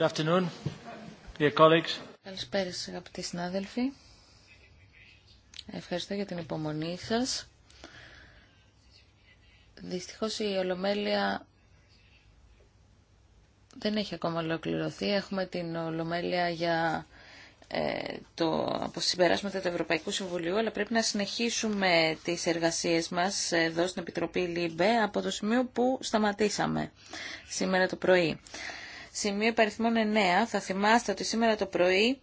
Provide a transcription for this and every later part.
Good afternoon, dear colleagues. Καλησπέρα σας αγαπητοί συνάδελφοι. Ευχαριστώ για την υπομονή σας. Δυστυχώς η Ολομέλεια δεν έχει ακόμα ολοκληρωθεί. Έχουμε την Ολομέλεια για ε, το από του Ευρωπαϊκού Συμβουλίου, αλλά πρέπει να συνεχίσουμε τις εργασίες μας εδώ στην Επιτροπή ΛΥΜΠΕ από το σημείο που σταματήσαμε σήμερα το πρωί σημείο υπαριθμών 9. Θα θυμάστε ότι σήμερα το πρωί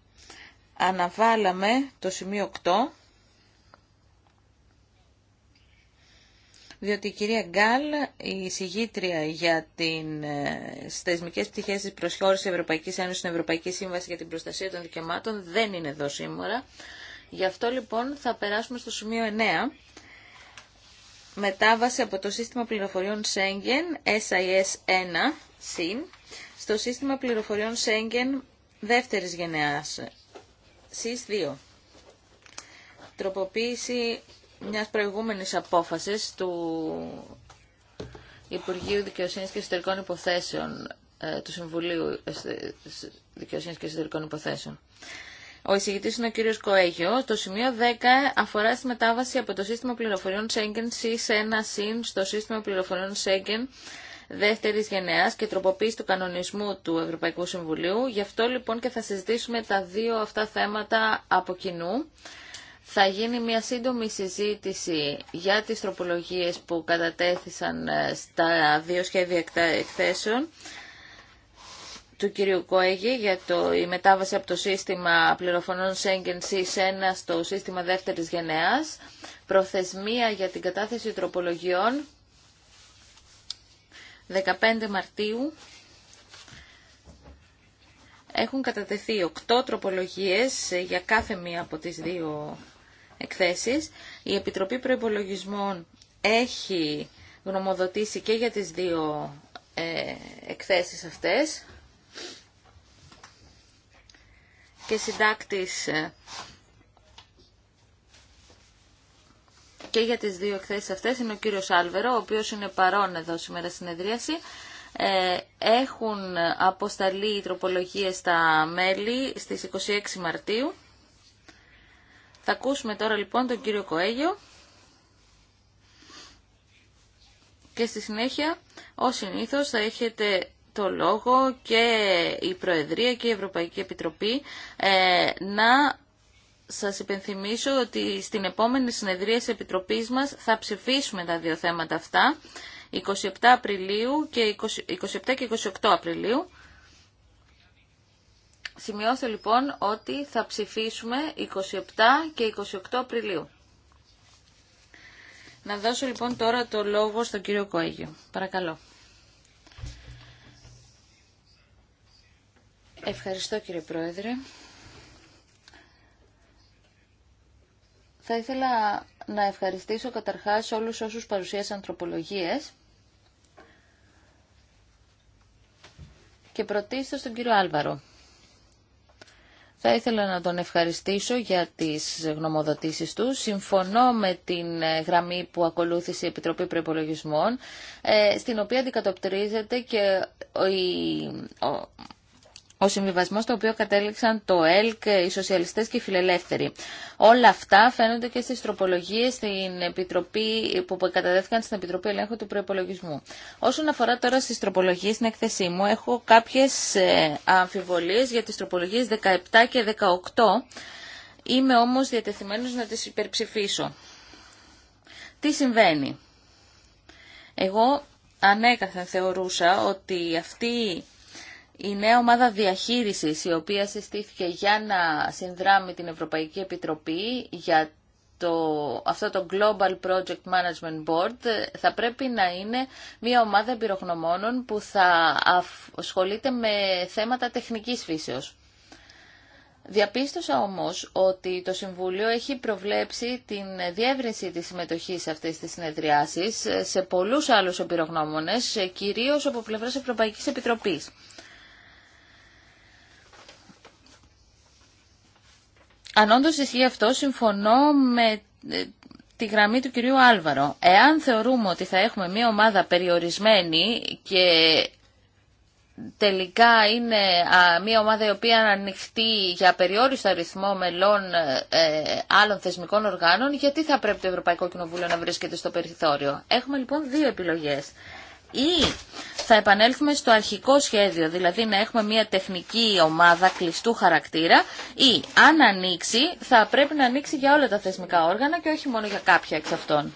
αναβάλαμε το σημείο 8, διότι η κυρία Γκάλ, η συγγήτρια για την ε, θεσμικέ πτυχέ τη προσχώρηση Ευρωπαϊκή Ένωση στην Ευρωπαϊκή Σύμβαση για την Προστασία των Δικαιωμάτων, δεν είναι εδώ σήμερα. Γι' αυτό λοιπόν θα περάσουμε στο σημείο 9. Μετάβαση από το σύστημα πληροφοριών Schengen, SIS 1, συν, στο σύστημα πληροφοριών Schengen δεύτερης γενεάς, SIS-2. Τροποποίηση μιας προηγούμενης απόφασης του Υπουργείου Δικαιοσύνης και Εσωτερικών Υποθέσεων ε, του Συμβουλίου ε, Δικαιοσύνης και Εσωτερικών Υποθέσεων. Ο εισηγητής είναι ο κύριος Κοέγιο. Το σημείο 10 αφορά στη μετάβαση από το σύστημα πληροφοριών Schengen SIS-1 συν στο σύστημα πληροφοριών Schengen Δεύτερη γενεά και τροποποίηση του κανονισμού του Ευρωπαϊκού Συμβουλίου. Γι' αυτό λοιπόν και θα συζητήσουμε τα δύο αυτά θέματα από κοινού. Θα γίνει μια σύντομη συζήτηση για τις τροπολογίες που κατατέθησαν ε, στα δύο σχέδια εκθέσεων του κυρίου Κόεγη για το, η μετάβαση από το σύστημα πληροφωνών c ΣΥΣ1 στο σύστημα δεύτερης γενεάς, προθεσμία για την κατάθεση τροπολογιών 15 Μαρτίου έχουν κατατεθεί οκτώ τροπολογίες για κάθε μία από τις δύο εκθέσεις. Η Επιτροπή Προϋπολογισμών έχει γνωμοδοτήσει και για τις δύο ε, εκθέσεις αυτές και συντάκτης ε, και για τις δύο εκθέσεις αυτές είναι ο κύριος Άλβερο, ο οποίος είναι παρόν εδώ σήμερα συνεδρίαση. Ε, έχουν αποσταλεί οι τροπολογίες στα μέλη στις 26 Μαρτίου. Θα ακούσουμε τώρα λοιπόν τον κύριο Κοέγιο και στη συνέχεια, ως συνήθως, θα έχετε το λόγο και η Προεδρία και η Ευρωπαϊκή Επιτροπή ε, να σας υπενθυμίσω ότι στην επόμενη συνεδρία της Επιτροπής μας θα ψηφίσουμε τα δύο θέματα αυτά, 27, Απριλίου και 27 και 28 Απριλίου. Σημειώστε λοιπόν ότι θα ψηφίσουμε 27 και 28 Απριλίου. Να δώσω λοιπόν τώρα το λόγο στον κύριο Κοέγιο. Παρακαλώ. Ευχαριστώ κύριε Πρόεδρε. Θα ήθελα να ευχαριστήσω καταρχάς όλους όσους παρουσίασαν ανθρωπολογίες και πρωτίστως τον κύριο Άλβαρο. Θα ήθελα να τον ευχαριστήσω για τις γνωμοδοτήσεις του. Συμφωνώ με την γραμμή που ακολούθησε η Επιτροπή Προϋπολογισμών, ε, στην οποία αντικατοπτρίζεται και ο ο συμβιβασμός στο οποίο κατέληξαν το ΕΛΚ, οι σοσιαλιστές και οι φιλελεύθεροι. Όλα αυτά φαίνονται και στις τροπολογίες στην Επιτροπή, που κατατέθηκαν στην Επιτροπή Ελέγχου του προπολογισμού. Όσον αφορά τώρα στις τροπολογίες στην εκθεσή μου, έχω κάποιες ε, αμφιβολίες για τις τροπολογίες 17 και 18. Είμαι όμως διατεθειμένος να τις υπερψηφίσω. Τι συμβαίνει. Εγώ ανέκαθεν θεωρούσα ότι αυτή η νέα ομάδα διαχείρισης η οποία συστήθηκε για να συνδράμει την Ευρωπαϊκή Επιτροπή για το, αυτό το Global Project Management Board θα πρέπει να είναι μια ομάδα εμπειρογνωμόνων που θα ασχολείται με θέματα τεχνικής φύσεως. Διαπίστωσα όμως ότι το Συμβούλιο έχει προβλέψει την διεύρυνση της συμμετοχής αυτής της συνεδριάσης σε πολλούς άλλους εμπειρογνώμονες, κυρίως από πλευράς Ευρωπαϊκής Επιτροπής. Αν όντω ισχύει αυτό, συμφωνώ με ε, τη γραμμή του κυρίου Άλβαρο. Εάν θεωρούμε ότι θα έχουμε μια ομάδα περιορισμένη και τελικά είναι μια ομάδα η οποία ανοιχτεί για περιόριστο αριθμό μελών ε, ε, άλλων θεσμικών οργάνων, γιατί θα πρέπει το Ευρωπαϊκό Κοινοβούλιο να βρίσκεται στο περιθώριο. Έχουμε λοιπόν δύο επιλογές ή θα επανέλθουμε στο αρχικό σχέδιο, δηλαδή να έχουμε μια τεχνική ομάδα κλειστού χαρακτήρα ή αν ανοίξει θα πρέπει να ανοίξει για όλα τα θεσμικά όργανα και όχι μόνο για κάποια εξ αυτών.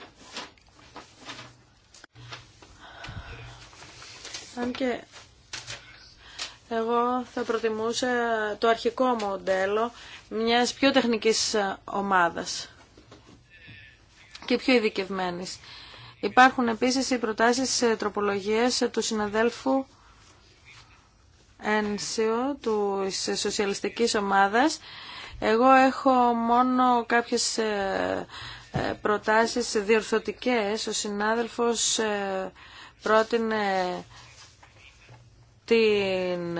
Αν και εγώ θα προτιμούσα το αρχικό μοντέλο μιας πιο τεχνικής ομάδας και πιο ειδικευμένης. Υπάρχουν επίσης οι προτάσεις ε, τροπολογίες ε, του συναδέλφου Ένσιο, του Σοσιαλιστικής Ομάδας. Εγώ έχω μόνο κάποιες ε, προτάσεις διορθωτικές. Ο συνάδελφος πρότεινε την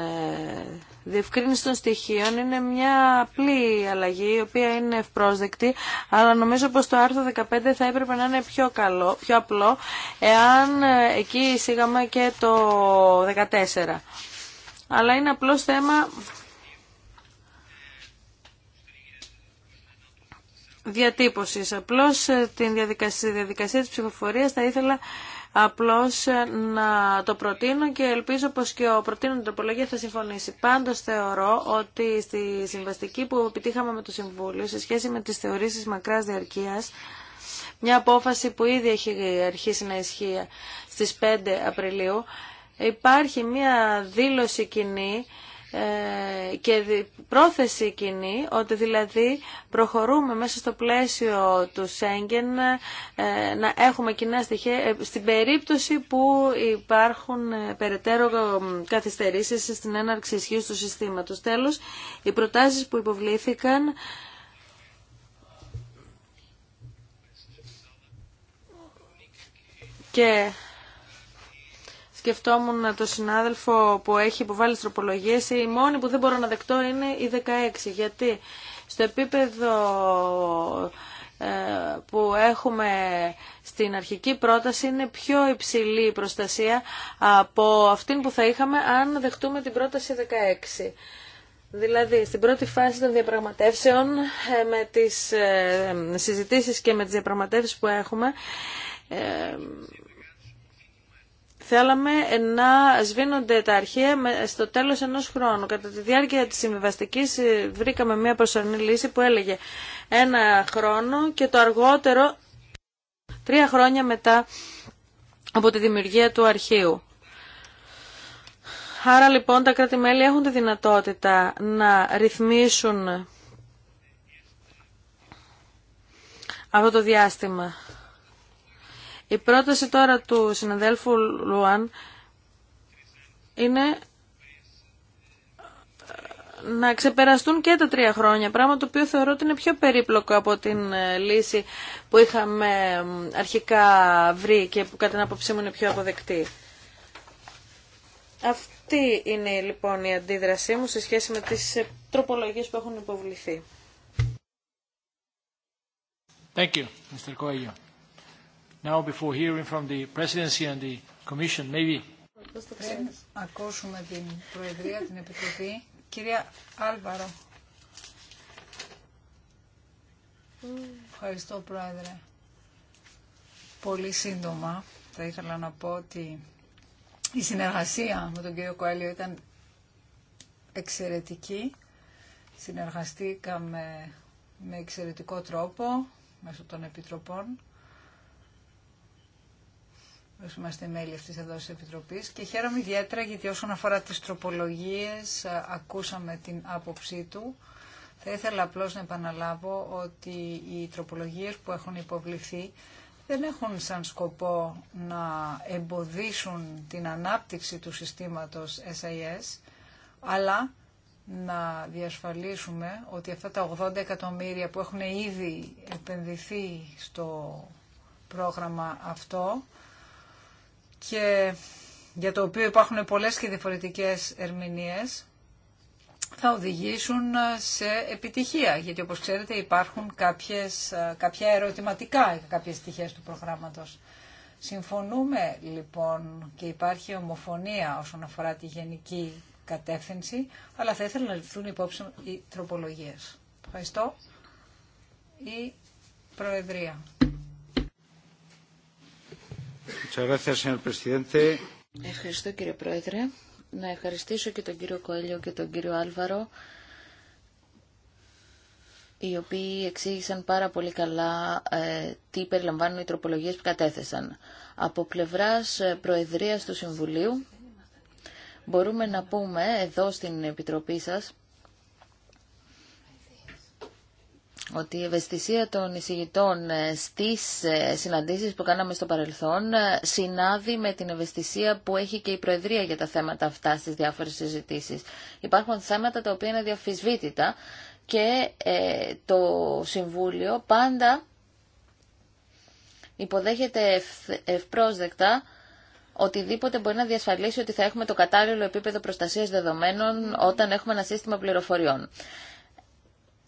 διευκρίνηση των στοιχείων είναι μια απλή αλλαγή, η οποία είναι ευπρόσδεκτη, αλλά νομίζω πως το άρθρο 15 θα έπρεπε να είναι πιο καλό, πιο απλό, εάν ε, εκεί εισήγαμε και το 14. Αλλά είναι απλώς θέμα διατύπωσης. Απλώς ε, τη διαδικασία, διαδικασία της ψηφοφορίας θα ήθελα απλώς ε, να το προτείνω και ελπίζω πως και ο προτείνων τοπολογία θα συμφωνήσει. Πάντως θεωρώ ότι στη συμβαστική που επιτύχαμε με το Συμβούλιο σε σχέση με τις θεωρήσεις μακράς διαρκείας μια απόφαση που ήδη έχει αρχίσει να ισχύει στις 5 Απριλίου, υπάρχει μια δήλωση κοινή ε, και πρόθεση κοινή ότι δηλαδή προχωρούμε μέσα στο πλαίσιο του Σέγγεν ε, να έχουμε κοινά στοιχεία ε, στην περίπτωση που υπάρχουν περαιτέρω καθυστερήσεις στην έναρξη ισχύου του συστήματος. Τέλος, οι προτάσεις που υποβλήθηκαν και σκεφτόμουν το συνάδελφο που έχει υποβάλει τροπολογίε, η μόνη που δεν μπορώ να δεκτώ είναι η 16, γιατί στο επίπεδο ε, που έχουμε στην αρχική πρόταση είναι πιο υψηλή η προστασία από αυτήν που θα είχαμε αν δεχτούμε την πρόταση 16. Δηλαδή, στην πρώτη φάση των διαπραγματεύσεων, ε, με τις ε, συζητήσεις και με τις διαπραγματεύσεις που έχουμε, Θέλαμε να σβήνονται τα αρχεία στο τέλος ενός χρόνου. Κατά τη διάρκεια της συμβιβαστική ε, βρήκαμε μια προσωρινή λύση που έλεγε ένα χρόνο και το αργότερο τρία χρόνια μετά από τη δημιουργία του αρχείου. Άρα λοιπόν τα κράτη-μέλη έχουν τη δυνατότητα να ρυθμίσουν αυτό το διάστημα. Η πρόταση τώρα του συναδέλφου Λουάν είναι να ξεπεραστούν και τα τρία χρόνια, πράγμα το οποίο θεωρώ ότι είναι πιο περίπλοκο από την ε, λύση που είχαμε αρχικά βρει και που κατά την άποψή μου είναι πιο αποδεκτή. Αυτή είναι λοιπόν η αντίδρασή μου σε σχέση με τις ε, τροπολογίες που έχουν υποβληθεί. Thank you, Mr now before hearing την Προεδρία, την Επιτροπή, κυρία Άλβαρο. Ευχαριστώ, Πρόεδρε. Πολύ σύντομα θα ήθελα να πω ότι η συνεργασία με τον κύριο Κοέλιο ήταν εξαιρετική. Συνεργαστήκαμε με εξαιρετικό τρόπο μέσω των Επιτροπών είμαστε μέλη αυτής εδώ της Επιτροπής και χαίρομαι ιδιαίτερα γιατί όσον αφορά τις τροπολογίες ακούσαμε την άποψή του. Θα ήθελα απλώς να επαναλάβω ότι οι τροπολογίες που έχουν υποβληθεί δεν έχουν σαν σκοπό να εμποδίσουν την ανάπτυξη του συστήματος SIS, αλλά να διασφαλίσουμε ότι αυτά τα 80 εκατομμύρια που έχουν ήδη επενδυθεί στο πρόγραμμα αυτό και για το οποίο υπάρχουν πολλές και διαφορετικές ερμηνείες θα οδηγήσουν σε επιτυχία. Γιατί όπως ξέρετε υπάρχουν κάποιες, κάποια ερωτηματικά κάποιες στοιχές του προγράμματος. Συμφωνούμε λοιπόν και υπάρχει ομοφωνία όσον αφορά τη γενική κατεύθυνση, αλλά θα ήθελα να ληφθούν υπόψη οι τροπολογίες. Ευχαριστώ. Η Προεδρία. Ευχαριστώ κύριε Πρόεδρε. Να ευχαριστήσω και τον κύριο Κοέλιο και τον κύριο Άλβαρο οι οποίοι εξήγησαν πάρα πολύ καλά ε, τι περιλαμβάνουν οι τροπολογίες που κατέθεσαν. Από πλευράς ε, Προεδρίας του Συμβουλίου μπορούμε να πούμε εδώ στην Επιτροπή σας ότι η ευαισθησία των εισηγητών ε, στις ε, συναντήσεις που κάναμε στο παρελθόν ε, συνάδει με την ευαισθησία που έχει και η Προεδρία για τα θέματα αυτά στις διάφορες συζητήσεις. Υπάρχουν θέματα τα οποία είναι διαφυσβήτητα και το Συμβούλιο πάντα υποδέχεται ευπρόσδεκτα οτιδήποτε μπορεί να διασφαλίσει ότι θα έχουμε το κατάλληλο επίπεδο προστασίας δεδομένων όταν έχουμε ένα σύστημα πληροφοριών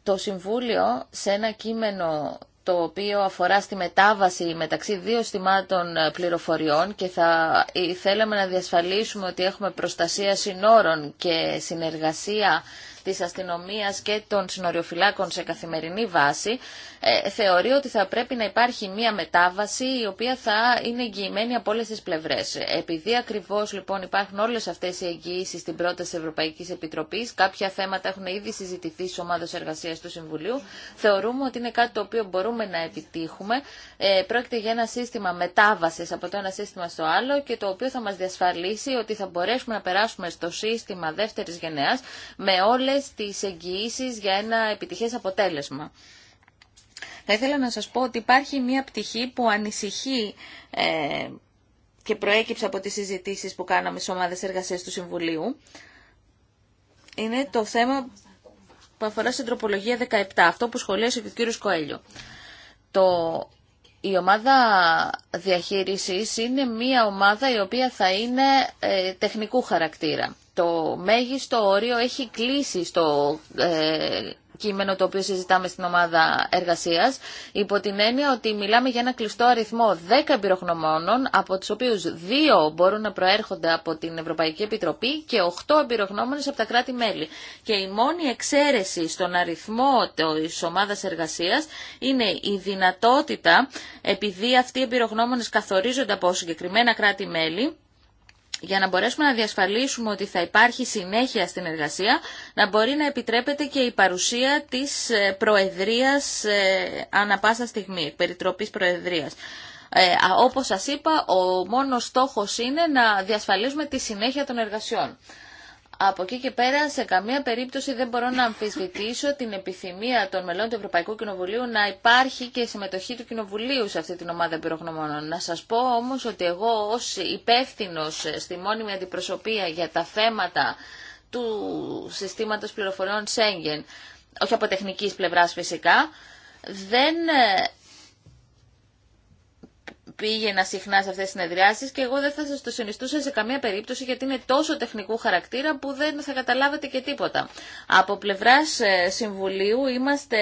το Συμβούλιο σε ένα κείμενο το οποίο αφορά στη μετάβαση μεταξύ δύο στιμάτων ε, πληροφοριών και θα ε, θέλαμε να διασφαλίσουμε ότι έχουμε προστασία συνόρων και συνεργασία της αστυνομίας και των συνοριοφυλάκων σε καθημερινή βάση, ε, θεωρεί ότι θα πρέπει να υπάρχει μία μετάβαση η οποία θα είναι εγγυημένη από όλες τις πλευρές. Επειδή ακριβώς λοιπόν υπάρχουν όλες αυτές οι εγγυήσεις στην πρόταση Ευρωπαϊκής Επιτροπής, κάποια θέματα έχουν ήδη συζητηθεί στις ομάδες εργασίας του Συμβουλίου, θεωρούμε ότι είναι κάτι το οποίο μπορούμε να επιτύχουμε. Ε, πρόκειται για ένα σύστημα μετάβασης από το ένα σύστημα στο άλλο και το οποίο θα μας διασφαλίσει ότι θα μπορέσουμε να περάσουμε στο σύστημα δεύτερης γενεάς με όλες τις εγγυήσει για ένα επιτυχές αποτέλεσμα. Θα ήθελα να σας πω ότι υπάρχει μια πτυχή που ανησυχεί ε, και προέκυψε από τις συζητήσεις που κάναμε στις ομάδες εργασίας του Συμβουλίου. Είναι το θέμα που αφορά στην τροπολογία 17, αυτό που σχολίασε και ο κ. Κοέλιο. Το η ομάδα διαχείρισης είναι μία ομάδα η οποία θα είναι ε, τεχνικού χαρακτήρα. Το μέγιστο όριο έχει κλείσει στο ε, κείμενο το οποίο συζητάμε στην ομάδα εργασίας, υπό την έννοια ότι μιλάμε για ένα κλειστό αριθμό 10 εμπειρογνωμόνων, από τους οποίους 2 μπορούν να προέρχονται από την Ευρωπαϊκή Επιτροπή και 8 εμπειρογνώμονες από τα κράτη-μέλη. Και η μόνη εξαίρεση στον αριθμό της ομάδας εργασίας είναι η δυνατότητα, επειδή αυτοί οι εμπειρογνώμονες καθορίζονται από συγκεκριμένα κράτη-μέλη, για να μπορέσουμε να διασφαλίσουμε ότι θα υπάρχει συνέχεια στην εργασία, να μπορεί να επιτρέπεται και η παρουσία της ε, Προεδρίας ε, ανα πάσα στιγμή, περιτροπής Προεδρίας. Ε, όπως σας είπα, ο μόνος στόχος είναι να διασφαλίσουμε τη συνέχεια των εργασιών. Από εκεί και πέρα, σε καμία περίπτωση δεν μπορώ να αμφισβητήσω την επιθυμία των μελών του Ευρωπαϊκού Κοινοβουλίου να υπάρχει και συμμετοχή του Κοινοβουλίου σε αυτή την ομάδα εμπειρογνωμόνων. Να σας πω όμως ότι εγώ ως υπεύθυνο στη μόνιμη αντιπροσωπεία για τα θέματα του συστήματος πληροφοριών Σέγγεν, όχι από τεχνικής πλευράς φυσικά, δεν ε, πήγαινα συχνά σε αυτές τις συνεδριάσεις και εγώ δεν θα σας το συνιστούσα σε καμία περίπτωση γιατί είναι τόσο τεχνικού χαρακτήρα που δεν θα καταλάβετε και τίποτα. Από πλευράς ε, Συμβουλίου είμαστε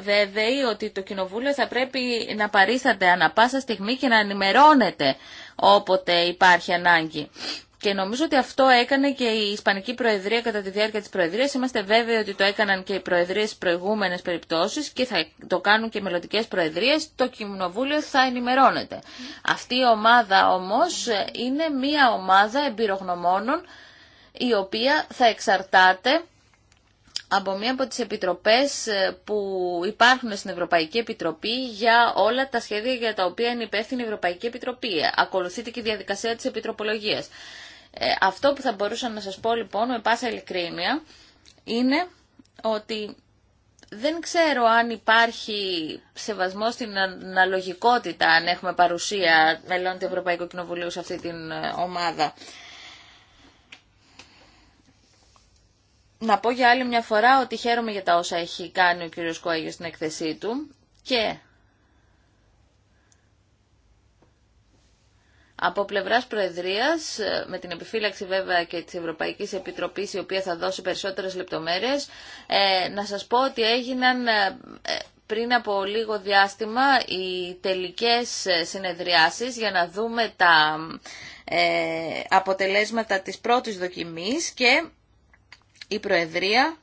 βέβαιοι ότι το Κοινοβούλιο θα πρέπει να παρίσταται ανα πάσα στιγμή και να ενημερώνεται όποτε υπάρχει ανάγκη. Και νομίζω ότι αυτό έκανε και η Ισπανική Προεδρία κατά τη διάρκεια της Προεδρίας. Είμαστε βέβαιοι ότι το έκαναν και οι Προεδρίες προηγούμενες περιπτώσεις και θα το κάνουν και οι μελλοντικέ Προεδρίες. Το Κοινοβούλιο θα ενημερώνεται. Αυτή η ομάδα όμως είναι μια ομάδα εμπειρογνωμόνων η οποία θα εξαρτάται από μία από τις επιτροπές ε, που υπάρχουν στην Ευρωπαϊκή Επιτροπή για όλα τα σχέδια για τα οποία είναι υπεύθυνη η Ευρωπαϊκή Επιτροπή. Ακολουθείται και η διαδικασία της επιτροπολογίας. Ε, αυτό που θα μπορούσα να σας πω λοιπόν με πάσα ειλικρίνεια είναι ότι δεν ξέρω αν υπάρχει σεβασμό στην αναλογικότητα αν έχουμε παρουσία μελών του Ευρωπαϊκού Κοινοβουλίου σε αυτή την ε, ομάδα. Να πω για άλλη μια φορά ότι χαίρομαι για τα όσα έχει κάνει ο κ. Κόαγιος στην εκθεσή του και Από πλευράς Προεδρίας, ε, με την επιφύλαξη βέβαια και της Ευρωπαϊκής Επιτροπής, η οποία θα δώσει περισσότερες λεπτομέρειες, ε, να σας πω ότι έγιναν ε, πριν από λίγο διάστημα οι τελικές συνεδριάσεις για να δούμε τα αποτελέσματα της πρώτης δοκιμής και η Προεδρία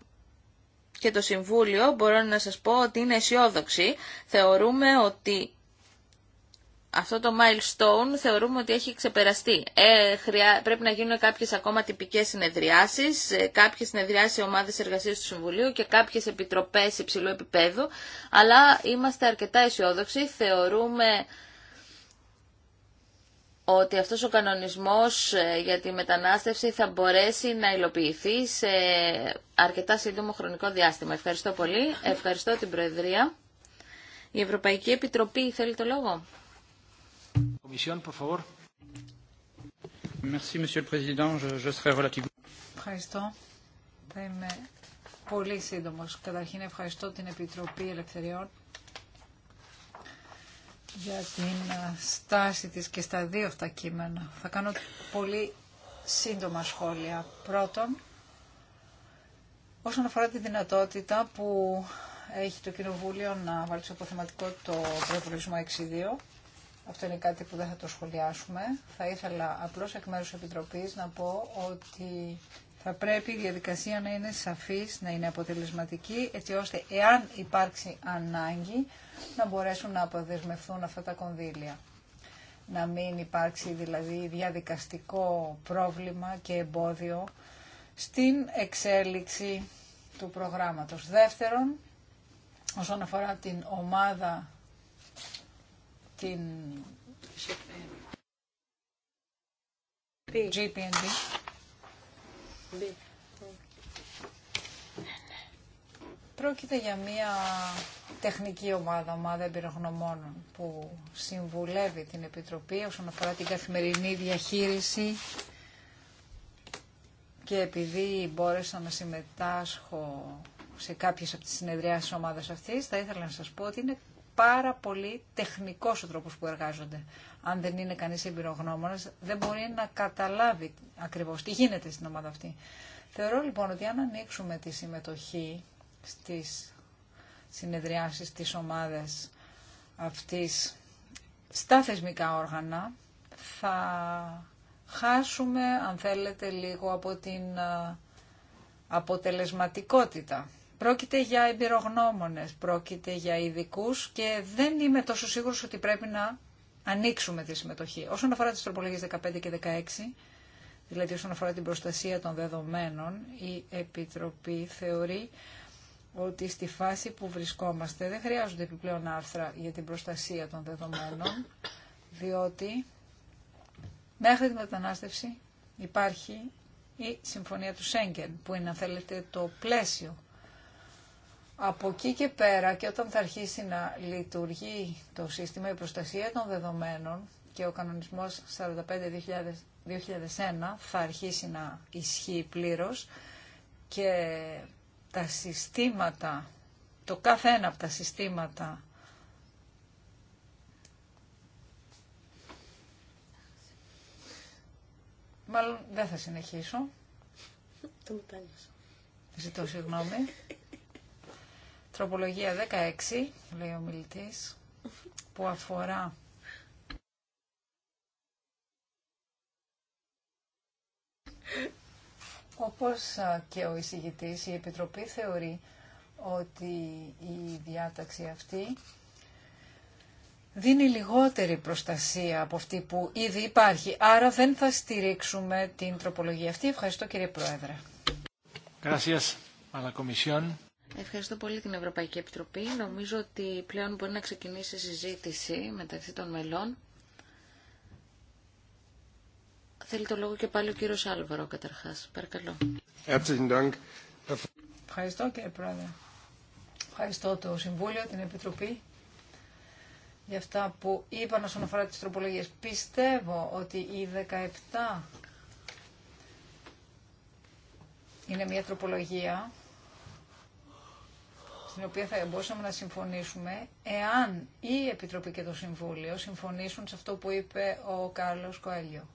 και το Συμβούλιο μπορώ να σας πω ότι είναι αισιόδοξοι. Θεωρούμε ότι αυτό το milestone θεωρούμε ότι έχει ξεπεραστεί. Ε, Πρέπει να γίνουν κάποιες ακόμα τυπικές συνεδριάσεις, ε, κάποιες συνεδριάσεις σε ομάδες εργασίας του Συμβουλίου και κάποιες επιτροπές υψηλού επίπεδου, αλλά είμαστε αρκετά αισιόδοξοι, θεωρούμε ότι αυτός ο κανονισμός ε, για τη μετανάστευση θα μπορέσει να υλοποιηθεί σε αρκετά σύντομο χρονικό διάστημα. Ευχαριστώ πολύ. Ευχαριστώ την Προεδρία. Η Ευρωπαϊκή Επιτροπή θέλει το λόγο. Ευχαριστώ. Θα είμαι πολύ σύντομο. Καταρχήν ευχαριστώ την Επιτροπή Ελευθεριών για την ε, στάση της και στα δύο αυτά κείμενα. Θα κάνω πολύ σύντομα σχόλια. Πρώτον, όσον αφορά τη δυνατότητα που έχει το Κοινοβούλιο να βάλει στο αποθεματικό το προϋπολογισμό αυτό είναι κάτι που δεν θα το σχολιάσουμε. Θα ήθελα απλώς εκ μέρους Επιτροπής να πω ότι θα πρέπει η διαδικασία να είναι σαφής, να είναι αποτελεσματική, έτσι ώστε εάν υπάρξει ανάγκη να μπορέσουν να αποδεσμευθούν αυτά τα κονδύλια. Να μην υπάρξει δηλαδή διαδικαστικό πρόβλημα και εμπόδιο στην εξέλιξη του προγράμματος. Δεύτερον, όσον αφορά την ομάδα την GPND. Πρόκειται για μια τεχνική ομάδα, ομάδα εμπειρογνωμόνων που συμβουλεύει την Επιτροπή όσον αφορά την καθημερινή διαχείριση και επειδή μπόρεσα να συμμετάσχω σε κάποιες από τις συνεδριάσεις ομάδας αυτής, θα ήθελα να σας πω ότι είναι πάρα πολύ τεχνικό ο τρόπος που εργάζονται. Αν δεν είναι κανεί εμπειρογνώμονα, δεν μπορεί να καταλάβει ακριβώ τι γίνεται στην ομάδα αυτή. Θεωρώ λοιπόν ότι αν ανοίξουμε τη συμμετοχή στι συνεδριάσει της ομάδας αυτής στα θεσμικά όργανα, θα χάσουμε, αν θέλετε, λίγο από την ε, αποτελεσματικότητα Πρόκειται για εμπειρογνώμονες, πρόκειται για ειδικού και δεν είμαι τόσο σίγουρος ότι πρέπει να ανοίξουμε τη συμμετοχή. Όσον αφορά τις τροπολογίες 15 και 16, δηλαδή όσον αφορά την προστασία των δεδομένων, η Επιτροπή θεωρεί ότι στη φάση που βρισκόμαστε δεν χρειάζονται επιπλέον άρθρα για την προστασία των δεδομένων, διότι μέχρι την μετανάστευση υπάρχει η Συμφωνία του Σέγγεν, που είναι, αν θέλετε, το πλαίσιο από εκεί και πέρα και όταν θα αρχίσει να λειτουργεί το σύστημα η προστασία των δεδομένων και ο κανονισμός 45-2001 θα αρχίσει να ισχύει πλήρως και τα συστήματα, το κάθε ένα από τα συστήματα Μάλλον δεν θα συνεχίσω. Το Ζητώ συγγνώμη. Τροπολογία 16, λέει ο μιλητής, που αφορά Όπως και ο εισηγητής, η Επιτροπή θεωρεί ότι η διάταξη αυτή δίνει λιγότερη προστασία από αυτή που ήδη υπάρχει. Άρα δεν θα στηρίξουμε την τροπολογία αυτή. Ευχαριστώ κύριε Πρόεδρε. Gracias a la Ευχαριστώ πολύ την Ευρωπαϊκή Επιτροπή. Νομίζω ότι πλέον μπορεί να ξεκινήσει συζήτηση μεταξύ των μελών. Θέλει το λόγο και πάλι ο κύριος Άλβαρο καταρχάς. Παρακαλώ. Ευχαριστώ κύριε Πρόεδρε. Ευχαριστώ το Συμβούλιο, την Επιτροπή για αυτά που είπαν όσον αφορά τις τροπολογίες. Πιστεύω ότι η 17 είναι μια τροπολογία στην οποία θα μπορούσαμε να συμφωνήσουμε εάν η Επιτροπή και το Συμβούλιο συμφωνήσουν σε αυτό που είπε ο Κάρλος Κοέλιο.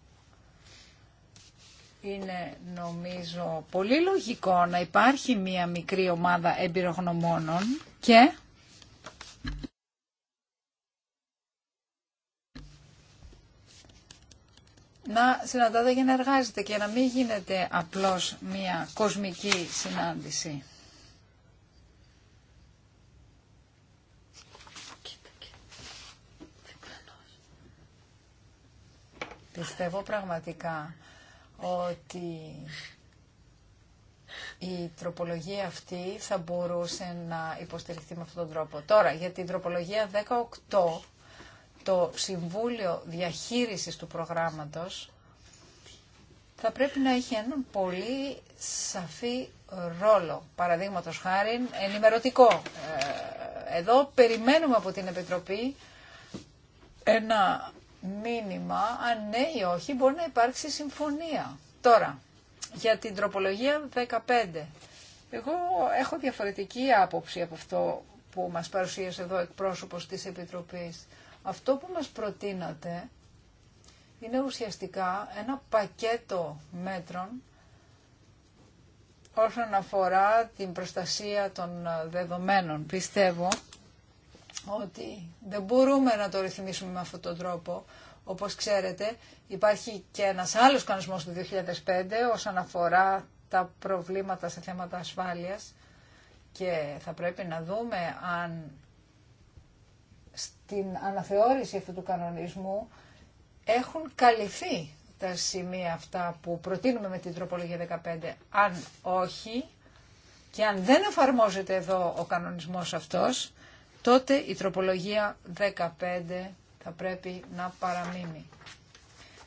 Είναι νομίζω πολύ λογικό να υπάρχει μία μικρή ομάδα εμπειρογνωμόνων και να συναντάτε για να εργάζεται και να μην γίνεται απλώς μία κοσμική συνάντηση. Πιστεύω πραγματικά ότι η τροπολογία αυτή θα μπορούσε να υποστηριχθεί με αυτόν τον τρόπο. Τώρα, για την τροπολογία 18, το Συμβούλιο Διαχείρισης του Προγράμματος θα πρέπει να έχει έναν πολύ σαφή ρόλο. Παραδείγματο χάρη ενημερωτικό. Ε, εδώ περιμένουμε από την Επιτροπή ένα μήνυμα, αν ναι ή όχι, μπορεί να υπάρξει συμφωνία. Τώρα, για την τροπολογία 15. Εγώ έχω διαφορετική άποψη από αυτό που μας παρουσίασε εδώ εκπρόσωπος της Επιτροπής. Αυτό που μας προτείνατε είναι ουσιαστικά ένα πακέτο μέτρων όσον αφορά την προστασία των δεδομένων. Πιστεύω ότι δεν μπορούμε να το ρυθμίσουμε με αυτόν τον τρόπο. Όπως ξέρετε υπάρχει και ένας άλλος κανονισμός του 2005 όσον αφορά τα προβλήματα σε θέματα ασφάλειας και θα πρέπει να δούμε αν στην αναθεώρηση αυτού του κανονισμού έχουν καλυφθεί τα σημεία αυτά που προτείνουμε με την τροπολογία 15. Αν όχι και αν δεν εφαρμόζεται εδώ ο κανονισμός αυτός, τότε η τροπολογία 15 θα πρέπει να παραμείνει.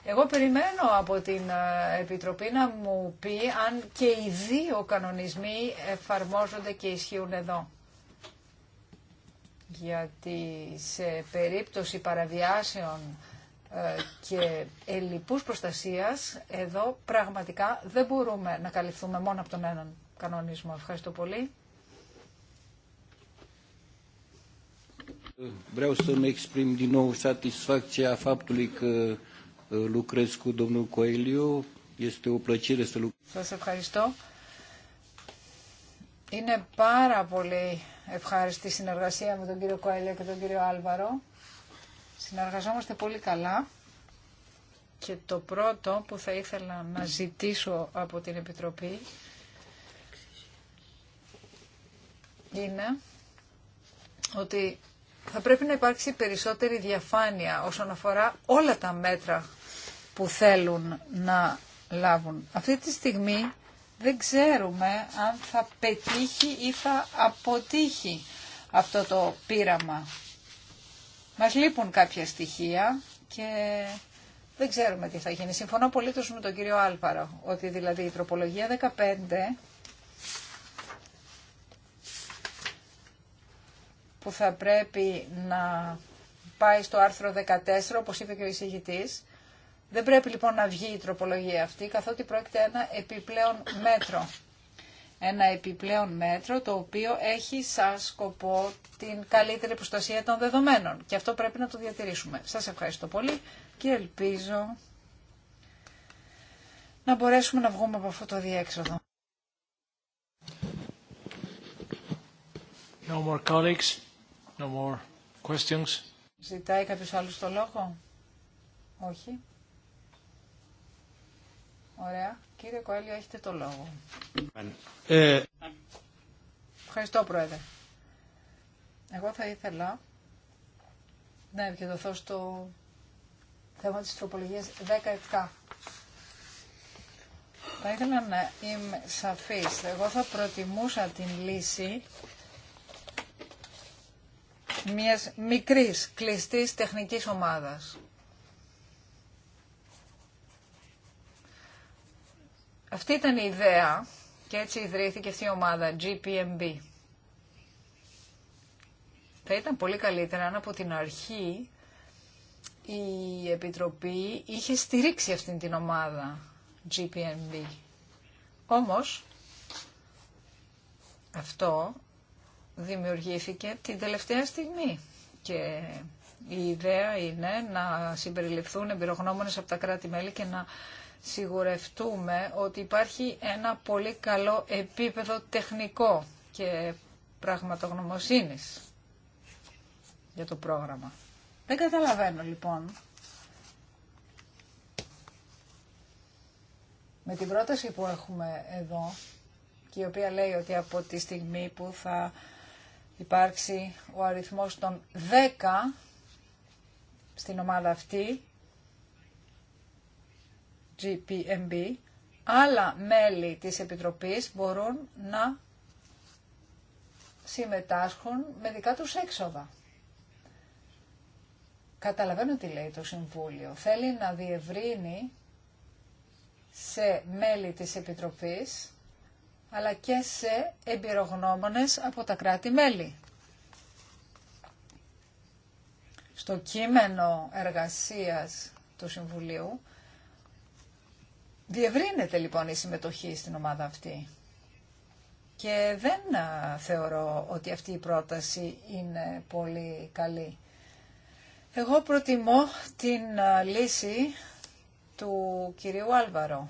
Εγώ περιμένω από την ε, Επιτροπή να μου πει αν και οι δύο κανονισμοί εφαρμόζονται και ισχύουν εδώ. Γιατί σε περίπτωση παραβιάσεων ε, και ελλειπούς προστασίας, εδώ πραγματικά δεν μπορούμε να καλυφθούμε μόνο από τον έναν κανονισμό. Ευχαριστώ πολύ. Vreau să-mi exprim din nou satisfacția faptului că uh, lucrez cu domnul Este Σας ευχαριστώ. Είναι πάρα πολύ ευχάριστη η συνεργασία με τον κύριο Κοέλιο και τον κύριο Άλβαρο. Συνεργαζόμαστε πολύ καλά και το πρώτο που θα ήθελα να ζητήσω από την Επιτροπή είναι ότι θα πρέπει να υπάρξει περισσότερη διαφάνεια όσον αφορά όλα τα μέτρα που θέλουν να λάβουν. Αυτή τη στιγμή δεν ξέρουμε αν θα πετύχει ή θα αποτύχει αυτό το πείραμα. Μας λείπουν κάποια στοιχεία και δεν ξέρουμε τι θα γίνει. Συμφωνώ πολύ με τον κύριο Άλπαρο ότι δηλαδή η τροπολογία 15 που θα πρέπει να πάει στο άρθρο 14, όπως είπε και ο εισηγητής. Δεν πρέπει λοιπόν να βγει η τροπολογία αυτή, καθότι πρόκειται ένα επιπλέον μέτρο. Ένα επιπλέον μέτρο το οποίο έχει σαν σκοπό την καλύτερη προστασία των δεδομένων. Και αυτό πρέπει να το διατηρήσουμε. Σας ευχαριστώ πολύ και ελπίζω να μπορέσουμε να βγούμε από αυτό το διέξοδο. No more colleagues. No more questions. Ζητάει κάποιο άλλος το λόγο. Όχι. Ωραία. Κύριε Κοέλιο, έχετε το λόγο. Ε... Ευχαριστώ, Πρόεδρε. Εγώ θα ήθελα να επικεντρωθώ στο θέμα της τροπολογίας 17. Θα ήθελα να είμαι σαφής. Εγώ θα προτιμούσα την λύση μιας μικρής κλειστής τεχνικής ομάδας. Αυτή ήταν η ιδέα και έτσι ιδρύθηκε αυτή η ομάδα, GPMB. Θα ήταν πολύ καλύτερα αν από την αρχή η Επιτροπή είχε στηρίξει αυτήν την ομάδα, GPMB. Όμως, αυτό δημιουργήθηκε την τελευταία στιγμή και η ιδέα είναι να συμπεριληφθούν εμπειρογνώμονες από τα κράτη-μέλη και να σιγουρευτούμε ότι υπάρχει ένα πολύ καλό επίπεδο τεχνικό και πραγματογνωμοσύνης για το πρόγραμμα. Δεν καταλαβαίνω λοιπόν. Με την πρόταση που έχουμε εδώ και η οποία λέει ότι από τη στιγμή που θα υπάρξει ο αριθμός των 10 στην ομάδα αυτή, GPMB, άλλα μέλη της Επιτροπής μπορούν να συμμετάσχουν με δικά τους έξοδα. Καταλαβαίνω τι λέει το Συμβούλιο. Θέλει να διευρύνει σε μέλη της Επιτροπής αλλά και σε εμπειρογνώμονες από τα κράτη-μέλη. Στο κείμενο εργασίας του Συμβουλίου διευρύνεται λοιπόν η συμμετοχή στην ομάδα αυτή. Και δεν θεωρώ ότι αυτή η πρόταση είναι πολύ καλή. Εγώ προτιμώ την λύση του κυρίου Άλβαρο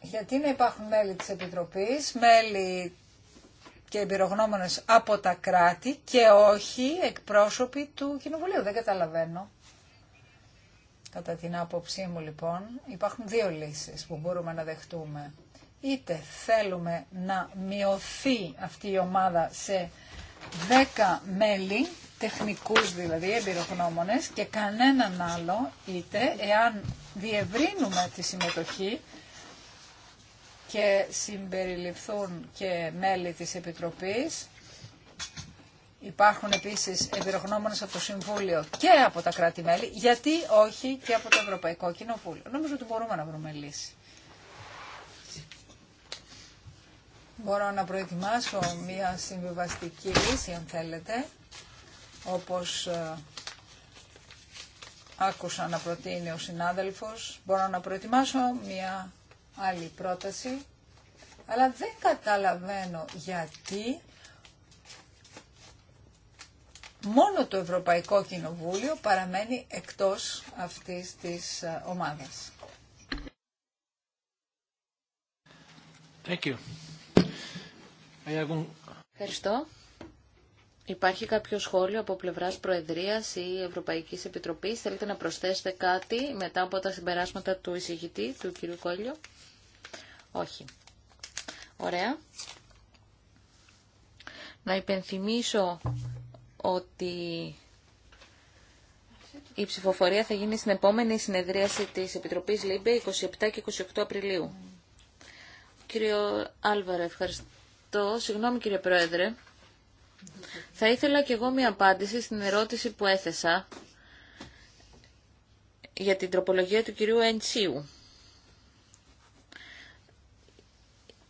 γιατί να υπάρχουν μέλη της Επιτροπής, μέλη και εμπειρογνώμονες από τα κράτη και όχι εκπρόσωποι του Κοινοβουλίου. Δεν καταλαβαίνω. Κατά την άποψή μου λοιπόν υπάρχουν δύο λύσεις που μπορούμε να δεχτούμε. Είτε θέλουμε να μειωθεί αυτή η ομάδα σε δέκα μέλη τεχνικούς δηλαδή, εμπειρογνώμονες και κανέναν άλλο, είτε εάν διευρύνουμε τη συμμετοχή και συμπεριληφθούν και μέλη της Επιτροπής, Υπάρχουν επίσης εμπειρογνώμονες από το Συμβούλιο και από τα κράτη-μέλη, γιατί όχι και από το Ευρωπαϊκό Κοινοβούλιο. Νομίζω ότι μπορούμε να βρούμε λύση. Μπορώ να προετοιμάσω μια συμβιβαστική λύση, αν θέλετε, όπως ε, άκουσα να προτείνει ο συνάδελφος, μπορώ να προετοιμάσω μια άλλη πρόταση, αλλά δεν καταλαβαίνω γιατί μόνο το Ευρωπαϊκό Κοινοβούλιο παραμένει εκτός αυτής της ε, ομάδας. Ευχαριστώ. Υπάρχει κάποιο σχόλιο από πλευράς Προεδρίας ή Ευρωπαϊκής Επιτροπής. Θέλετε να προσθέσετε κάτι μετά από τα συμπεράσματα του εισηγητή, του κ. Κόλλιο. Όχι. Ωραία. Να υπενθυμίσω ότι η ψηφοφορία θα γίνει στην επόμενη συνεδρίαση της Επιτροπής ΛΥΜΠΕ 27 και 28 Απριλίου. Κύριο Άλβαρο, ευχαριστώ. Συγγνώμη κύριε Πρόεδρε. Θα ήθελα και εγώ μία απάντηση στην ερώτηση που έθεσα για την τροπολογία του κυρίου Εντσίου.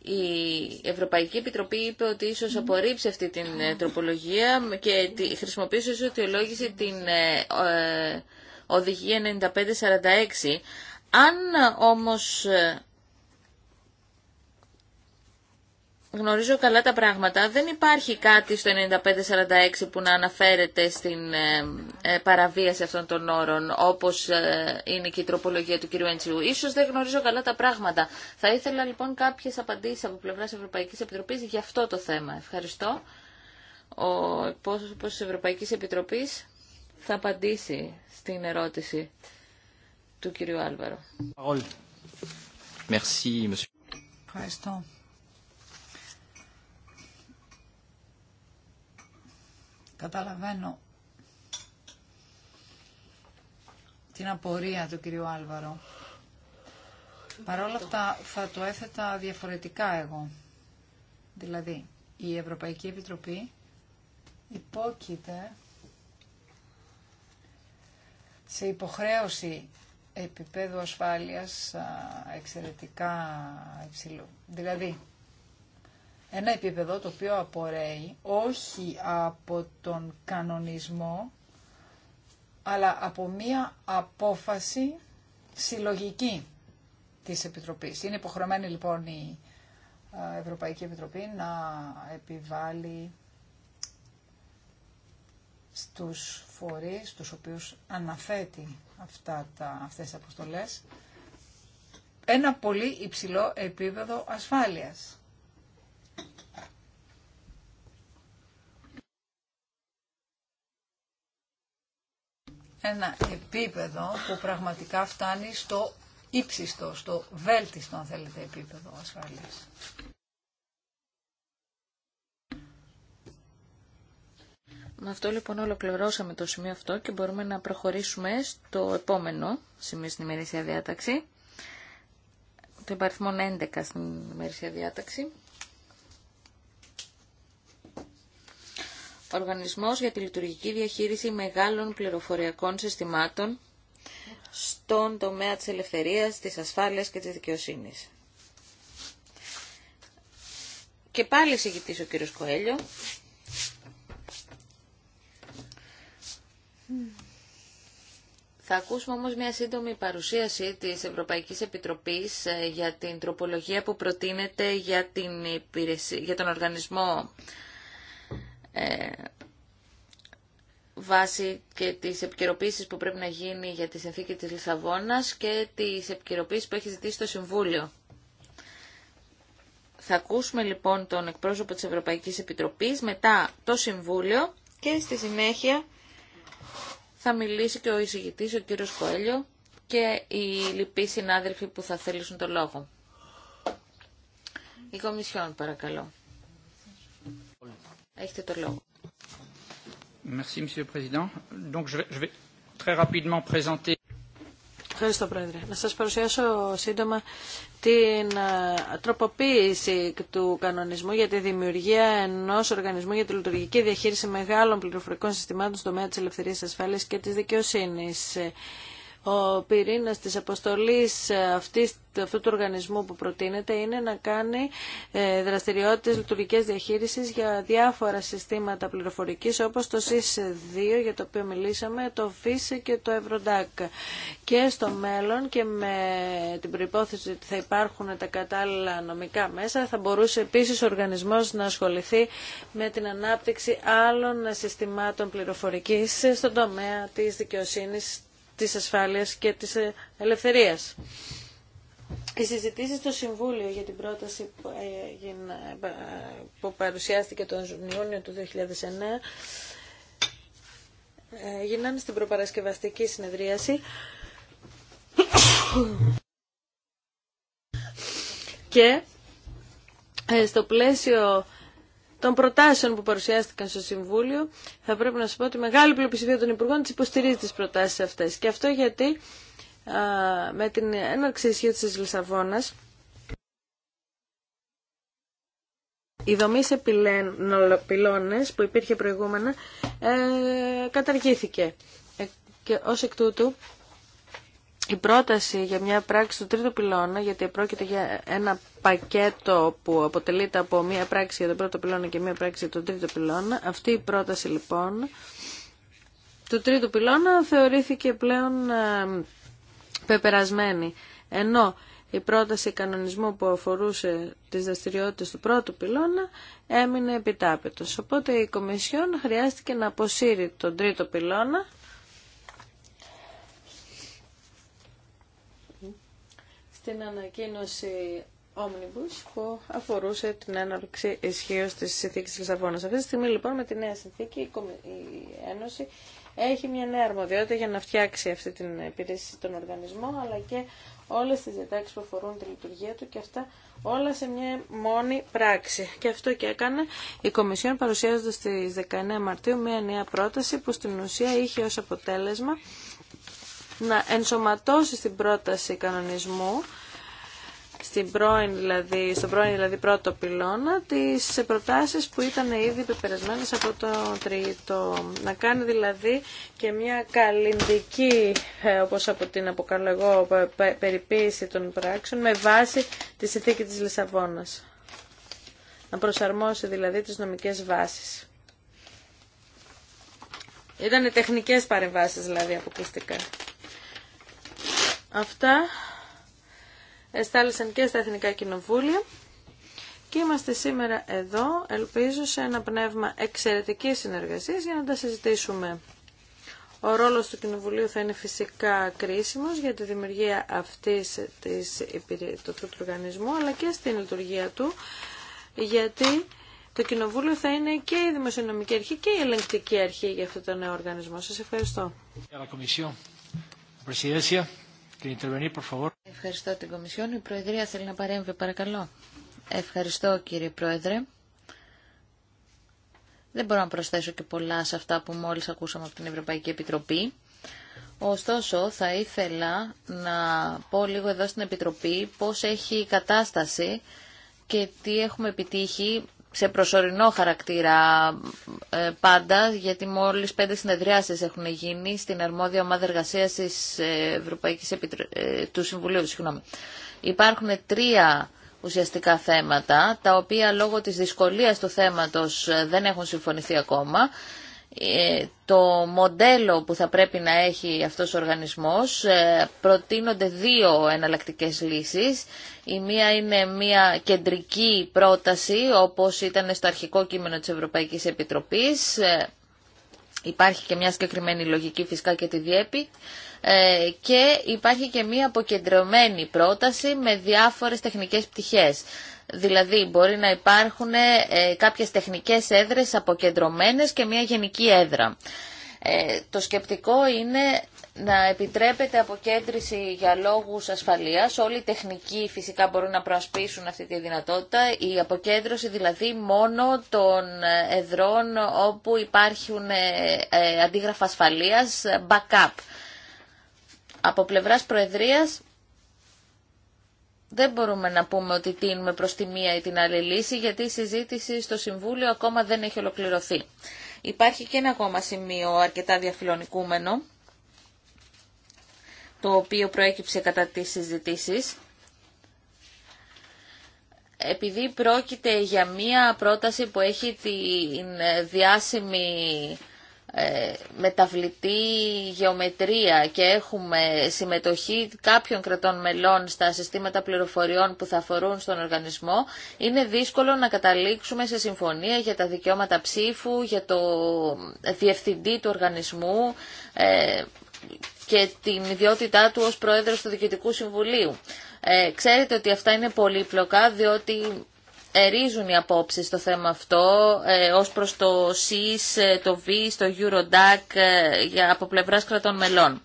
η Ευρωπαϊκή Επιτροπή είπε ότι ίσως απορρίψει αυτή την ε, τροπολογία και χρησιμοποιήσει ως αιτιολόγηση την ε, ε, οδηγία 9546. Αν όμως γνωρίζω καλά τα πράγματα, δεν υπάρχει κάτι στο 9546 που να αναφέρεται στην ε, ε, παραβίαση αυτών των όρων, όπως ε, είναι και η τροπολογία του κ. Έντσιου. Ίσως δεν γνωρίζω καλά τα πράγματα. Θα ήθελα λοιπόν κάποιες απαντήσεις από πλευράς Ευρωπαϊκής Επιτροπής για αυτό το θέμα. Ευχαριστώ. Ο υπόσχος της Ευρωπαϊκής Επιτροπής θα απαντήσει στην ερώτηση του κ. Άλβαρο. Ευχαριστώ. Καταλαβαίνω την απορία του κυρίου Άλβαρο. Παρ' όλα αυτά θα το έθετα διαφορετικά εγώ. Δηλαδή, η Ευρωπαϊκή Επιτροπή υπόκειται σε υποχρέωση επίπεδου ασφάλειας εξαιρετικά υψηλού. Δηλαδή, ένα επίπεδο το οποίο απορρέει όχι από τον κανονισμό, αλλά από μία απόφαση συλλογική της Επιτροπής. Είναι υποχρεωμένη λοιπόν η Ευρωπαϊκή Επιτροπή να επιβάλλει στους φορείς, τους οποίους αναθέτει αυτά τα, αυτές τις αποστολές, ένα πολύ υψηλό επίπεδο ασφάλειας. ένα επίπεδο που πραγματικά φτάνει στο ύψιστο, στο βέλτιστο αν θέλετε επίπεδο ασφαλείας. Με αυτό λοιπόν ολοκληρώσαμε το σημείο αυτό και μπορούμε να προχωρήσουμε στο επόμενο σημείο στην ημερήσια διάταξη, το υπαριθμό 11 στην ημερήσια διάταξη. Οργανισμός για τη λειτουργική διαχείριση μεγάλων πληροφοριακών συστημάτων στον τομέα της ελευθερίας, της ασφάλειας και της δικαιοσύνης. Και πάλι συγκητής ο κύριος Κοέλιο. Θα ακούσουμε όμως μια σύντομη παρουσίαση της Ευρωπαϊκής Επιτροπής ε, για την τροπολογία που προτείνεται για, την για τον οργανισμό ε, βάση και τις επικαιροποίησεις που πρέπει να γίνει για τη συνθήκη της Λισαβόνας και τις επικαιροποίησεις που έχει ζητήσει το Συμβούλιο. Θα ακούσουμε λοιπόν τον εκπρόσωπο της Ευρωπαϊκής Επιτροπής, μετά το Συμβούλιο και στη συνέχεια θα μιλήσει και ο εισηγητής, ο κύριος Κοέλιο και οι λοιποί συνάδελφοι που θα θέλουν το λόγο. Η Κομισιόν παρακαλώ. Έχετε το λόγο. Merci, Monsieur le Président. Donc, je vais, je vais très rapidement présenter. Ευχαριστώ, Πρόεδρε. Να σας παρουσιάσω σύντομα την τροποποίηση του κανονισμού για τη δημιουργία ενός οργανισμού για τη λειτουργική διαχείριση μεγάλων πληροφορικών συστημάτων στον τομέα της ελευθερίας ασφάλειας και της δικαιοσύνης. Ο πυρήνας της αποστολής αυτής, αυτού του οργανισμού που προτείνεται είναι να κάνει ε, δραστηριότητες λειτουργικές διαχείρισης για διάφορα συστήματα πληροφορικής όπως το SIS-2 για το οποίο μιλήσαμε, το FIS και το EuroDAC. Και στο μέλλον και με την προϋπόθεση ότι θα υπάρχουν τα κατάλληλα νομικά μέσα θα μπορούσε επίσης ο οργανισμός να ασχοληθεί με την ανάπτυξη άλλων συστημάτων πληροφορικής στον τομέα της δικαιοσύνης της ασφάλειας και της ε, ελευθερίας. Οι συζητήσεις στο Συμβούλιο για την πρόταση που παρουσιάστηκε τον Ιούνιο του 2009 γίνανε στην προπαρασκευαστική συνεδρίαση και ε, στο πλαίσιο των προτάσεων που παρουσιάστηκαν στο Συμβούλιο, θα πρέπει να σα πω ότι η μεγάλη πλειοψηφία των Υπουργών τι υποστηρίζει τι προτάσει αυτές. Και αυτό γιατί α, με την έναρξη ισχύω τη Λισαβόνα. οι δομή σε πυλώνε που υπήρχε προηγούμενα ε, καταργήθηκε. Ε, και ως εκ τούτου η πρόταση για μια πράξη του τρίτου πυλώνα, γιατί πρόκειται για ένα πακέτο που αποτελείται από μια πράξη για τον πρώτο πυλώνα και μια πράξη για τον τρίτο πυλώνα, αυτή η πρόταση λοιπόν του τρίτου πυλώνα θεωρήθηκε πλέον ε, πεπερασμένη. Ενώ η πρόταση κανονισμού που αφορούσε τις δραστηριότητες του πρώτου πυλώνα έμεινε επιτάπητος. Οπότε η Κομισιόν χρειάστηκε να αποσύρει τον τρίτο πυλώνα στην ανακοίνωση Omnibus που αφορούσε την έναρξη ισχύω τη συνθήκη Λισαβόνα. Αυτή τη στιγμή λοιπόν με τη νέα συνθήκη η Ένωση έχει μια νέα αρμοδιότητα για να φτιάξει αυτή την επιρρήση των οργανισμό αλλά και όλε τι διατάξει που αφορούν τη λειτουργία του και αυτά όλα σε μια μόνη πράξη. Και αυτό και έκανε η Κομισιόν παρουσιάζοντα στι 19 Μαρτίου μια νέα πρόταση που στην ουσία είχε ω αποτέλεσμα να ενσωματώσει στην πρόταση κανονισμού στην πρώην δηλαδή, στον πρώην δηλαδή πρώτο πυλώνα τις προτάσεις που ήταν ήδη πεπερασμένες από το τρίτο. Να κάνει δηλαδή και μια καλλιντική, ε, όπως από την αποκαλώ εγώ, περιποίηση των πράξεων με βάση τη συνθήκη της Λισαβόνας. Να προσαρμόσει δηλαδή τις νομικές βάσεις. Ήταν τεχνικές παρεμβάσεις δηλαδή αποκλειστικά. Αυτά εστάλησαν και στα Εθνικά Κοινοβούλια και είμαστε σήμερα εδώ, ελπίζω, σε ένα πνεύμα εξαιρετικής συνεργασίας για να τα συζητήσουμε. Ο ρόλος του Κοινοβουλίου θα είναι φυσικά κρίσιμος για τη δημιουργία αυτής της, του, του οργανισμού, αλλά και στην λειτουργία του, γιατί το Κοινοβούλιο θα είναι και η Δημοσιονομική Αρχή και η Ελεγκτική Αρχή για αυτό το νέο οργανισμό. Σας ευχαριστώ. Ευχαριστώ την Κομισιόν. Η Προεδρία θέλει να παρέμβει, παρακαλώ. Ευχαριστώ κύριε Πρόεδρε. Δεν μπορώ να προσθέσω και πολλά σε αυτά που μόλις ακούσαμε από την Ευρωπαϊκή Επιτροπή. Ωστόσο, θα ήθελα να πω λίγο εδώ στην Επιτροπή πώς έχει η κατάσταση και τι έχουμε επιτύχει σε προσωρινό χαρακτήρα ε, πάντα, γιατί μόλις πέντε συνεδριάσεις έχουν γίνει στην αρμόδια ομάδα εργασίας της ε, ε, του Συμβουλίου. Συγγνώμη. Υπάρχουν τρία ουσιαστικά θέματα, τα οποία λόγω της δυσκολίας του θέματος δεν έχουν συμφωνηθεί ακόμα. Ε, το μοντέλο που θα πρέπει να έχει αυτός ο οργανισμός ε, προτείνονται δύο εναλλακτικές λύσεις. Η μία είναι μια κεντρική πρόταση όπως ήταν στο αρχικό κείμενο της Ευρωπαϊκής Επιτροπής. Ε, υπάρχει και μια συγκεκριμένη λογική φυσικά και τη διέπει και υπάρχει και μια αποκεντρωμένη πρόταση με διάφορες τεχνικές πτυχές. Δηλαδή μπορεί να υπάρχουν ε, κάποιες τεχνικές έδρες αποκεντρωμένες και μια γενική έδρα. Ε, το σκεπτικό είναι να επιτρέπεται αποκέντρηση για λόγους ασφαλείας. Όλοι οι τεχνικοί φυσικά μπορούν να προασπίσουν αυτή τη δυνατότητα. Η αποκέντρωση δηλαδή μόνο των εδρών όπου υπάρχουν ε, αντίγραφα ασφαλείας, backup. Από πλευράς Προεδρίας δεν μπορούμε να πούμε ότι τίνουμε προς τη μία ή την άλλη λύση, γιατί η συζήτηση στο Συμβούλιο ακόμα δεν έχει ολοκληρωθεί. Υπάρχει και ένα ακόμα σημείο αρκετά διαφιλονικούμενο, το οποίο προέκυψε κατά τις συζητήσεις. Επειδή πρόκειται για μία πρόταση που έχει την διάσημη ε, μεταβλητή γεωμετρία και έχουμε συμμετοχή κάποιων κρατών μελών στα συστήματα πληροφοριών που θα αφορούν στον οργανισμό, είναι δύσκολο να καταλήξουμε σε συμφωνία για τα δικαιώματα ψήφου, για το διευθυντή του οργανισμού ε, και την ιδιότητά του ως πρόεδρος του Διοικητικού Συμβουλίου. Ε, ξέρετε ότι αυτά είναι πολύπλοκα διότι Ερίζουν οι απόψεις στο θέμα αυτό ε, ως προς το ΣΥΣ, ε, το ΒΙΣ, το Eurodac ε, για, από πλευρά κρατών μελών.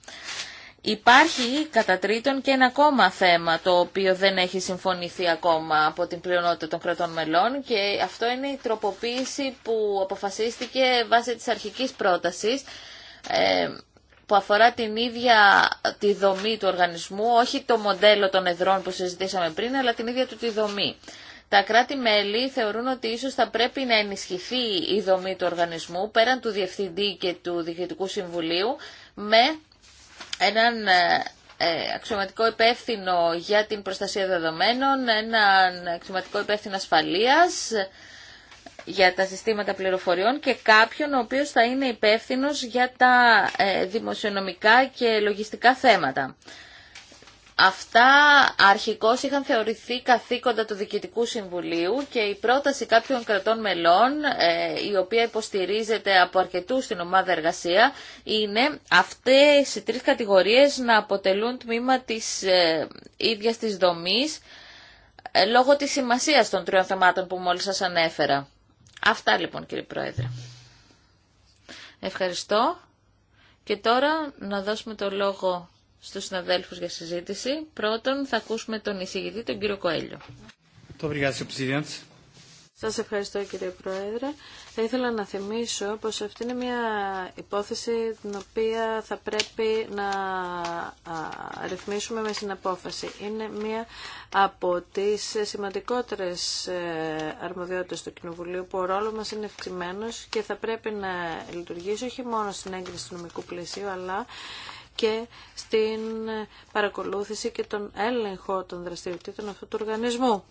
Υπάρχει κατά τρίτον και ένα ακόμα θέμα το οποίο δεν έχει συμφωνηθεί ακόμα από την πλειονότητα των κρατών μελών και αυτό είναι η τροποποίηση που αποφασίστηκε βάσει της αρχικής πρότασης που αφορά την ίδια τη δομή του οργανισμού, όχι το μοντέλο των εδρών που συζητήσαμε πριν, αλλά την ίδια του τη δομή τα κράτη-μέλη θεωρούν ότι ίσως θα πρέπει να ενισχυθεί η δομή του οργανισμού πέραν του Διευθυντή και του Διοικητικού Συμβουλίου με έναν ε, ε, αξιωματικό υπεύθυνο για την προστασία δεδομένων, έναν αξιωματικό υπεύθυνο ασφαλείας για τα συστήματα πληροφοριών και κάποιον ο οποίος θα είναι υπεύθυνος για τα ε, δημοσιονομικά και λογιστικά θέματα. Αυτά αρχικώς είχαν θεωρηθεί καθήκοντα του Διοικητικού Συμβουλίου και η πρόταση κάποιων κρατών μελών, ε, η οποία υποστηρίζεται από αρκετού στην ομάδα εργασία, είναι αυτές οι τρεις κατηγορίες να αποτελούν τμήμα της ε, ίδιας της δομής, ε, λόγω της σημασίας των τριών θεμάτων που μόλις σας ανέφερα. Αυτά λοιπόν κύριε Πρόεδρε. Ευχαριστώ. Και τώρα να δώσουμε το λόγο στους συναδέλφους για συζήτηση. Πρώτον θα ακούσουμε τον εισηγητή, τον κύριο Κοέλιο. Σας ευχαριστώ κύριε Πρόεδρε. Θα ήθελα να θυμίσω πως αυτή είναι μια υπόθεση την οποία θα πρέπει να ρυθμίσουμε με συναπόφαση. Είναι μια από τις σημαντικότερες ε, αρμοδιότητες του Κοινοβουλίου που ο ρόλο μας είναι ευξημένος και θα πρέπει να λειτουργήσει όχι μόνο στην έγκριση του νομικού πλαισίου αλλά και στην παρακολούθηση και τον έλεγχο των δραστηριοτήτων αυτού του οργανισμού.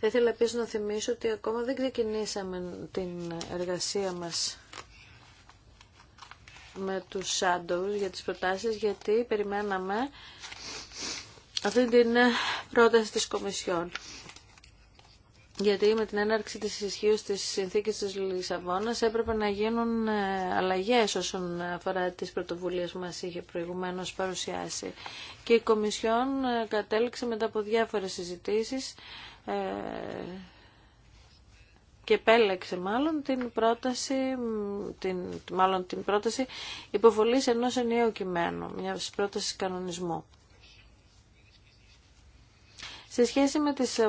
Θα ήθελα επίσης να θυμίσω ότι ακόμα δεν ξεκινήσαμε την εργασία μας με τους shadows για τις προτάσεις γιατί περιμέναμε αυτή την πρόταση της Κομισιόν γιατί με την έναρξη της ισχύω της συνθήκης της Λισαβόνας έπρεπε να γίνουν ε, αλλαγές όσον αφορά τις πρωτοβουλίες που μας είχε προηγουμένως παρουσιάσει. Και η Κομισιόν ε, κατέληξε μετά από διάφορες συζητήσεις ε, και επέλεξε μάλλον την πρόταση, την, μάλλον την πρόταση υποβολής ενός ενιαίου κειμένου, μιας πρότασης κανονισμού σε σχέση με τις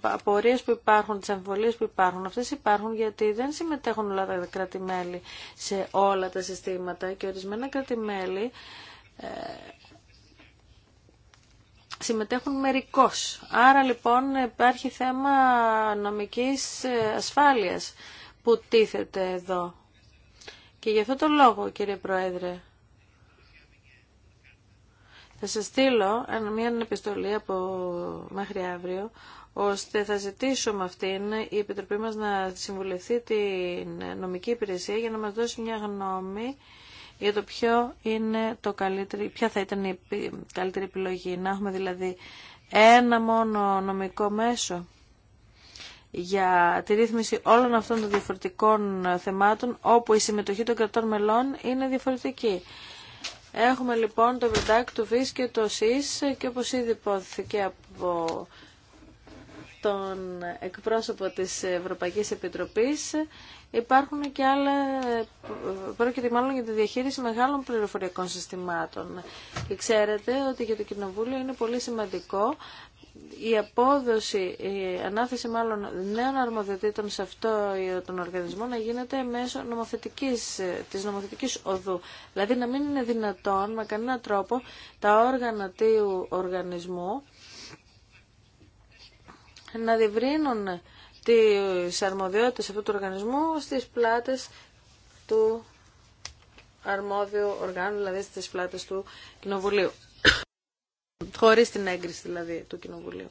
απορίες που υπάρχουν, τις αμφιβολίες που υπάρχουν, αυτές υπάρχουν γιατί δεν συμμετέχουν όλα τα κράτη-μέλη σε όλα τα συστήματα και ορισμένα κράτη-μέλη ε, συμμετέχουν μερικώς. Άρα λοιπόν υπάρχει θέμα νομικής ε, ασφάλειας που τίθεται εδώ. Και γι' αυτό το λόγο κύριε Πρόεδρε θα σας στείλω μια επιστολή από μέχρι αύριο, ώστε θα ζητήσω με αυτήν η Επιτροπή μας να συμβουλευτεί την νομική υπηρεσία για να μας δώσει μια γνώμη για το ποιο είναι το καλύτερο, ποια θα ήταν η καλύτερη επιλογή. Να έχουμε δηλαδή ένα μόνο νομικό μέσο για τη ρύθμιση όλων αυτών των διαφορετικών θεμάτων όπου η συμμετοχή των κρατών μελών είναι διαφορετική. Έχουμε λοιπόν το Βρεντάκ, το ΒΙΣ και το ΣΥΣ και όπως ήδη υπόθηκε από τον εκπρόσωπο της Ευρωπαϊκής Επιτροπής υπάρχουν και άλλα, πρόκειται μάλλον για τη διαχείριση μεγάλων πληροφοριακών συστημάτων. Και ξέρετε ότι για το Κοινοβούλιο είναι πολύ σημαντικό η απόδοση, η ανάθεση μάλλον νέων αρμοδιοτήτων σε αυτό τον οργανισμό να γίνεται μέσω νομοθετικής, της νομοθετικής οδού. Δηλαδή να μην είναι δυνατόν με κανένα τρόπο τα όργανα του οργανισμού να διευρύνουν τις αρμοδιότητες αυτού του οργανισμού στις πλάτες του αρμόδιου οργάνου, δηλαδή στις πλάτες του Κοινοβουλίου χωρίς την έγκριση δηλαδή του Κοινοβουλίου.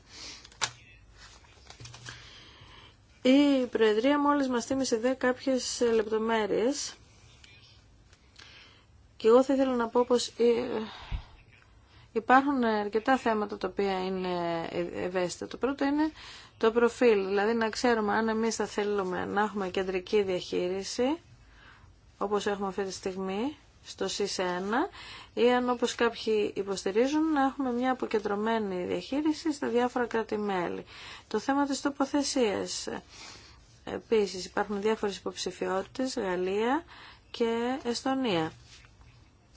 Η Προεδρία μόλις μας θύμισε δε κάποιες λεπτομέρειες και εγώ θα ήθελα να πω πως ε, υπάρχουν αρκετά θέματα τα οποία είναι ευαίσθητα. Το πρώτο είναι το προφίλ, δηλαδή να ξέρουμε αν εμείς θα θέλουμε να έχουμε κεντρική διαχείριση όπως έχουμε αυτή τη στιγμή στο ΣΥΣ1 ή αν όπως κάποιοι υποστηρίζουν να έχουμε μια αποκεντρωμένη διαχείριση στα διάφορα κράτη-μέλη. Το θέμα της τοποθεσίας. Επίσης υπάρχουν διάφορες υποψηφιότητες, Γαλλία και Εστονία.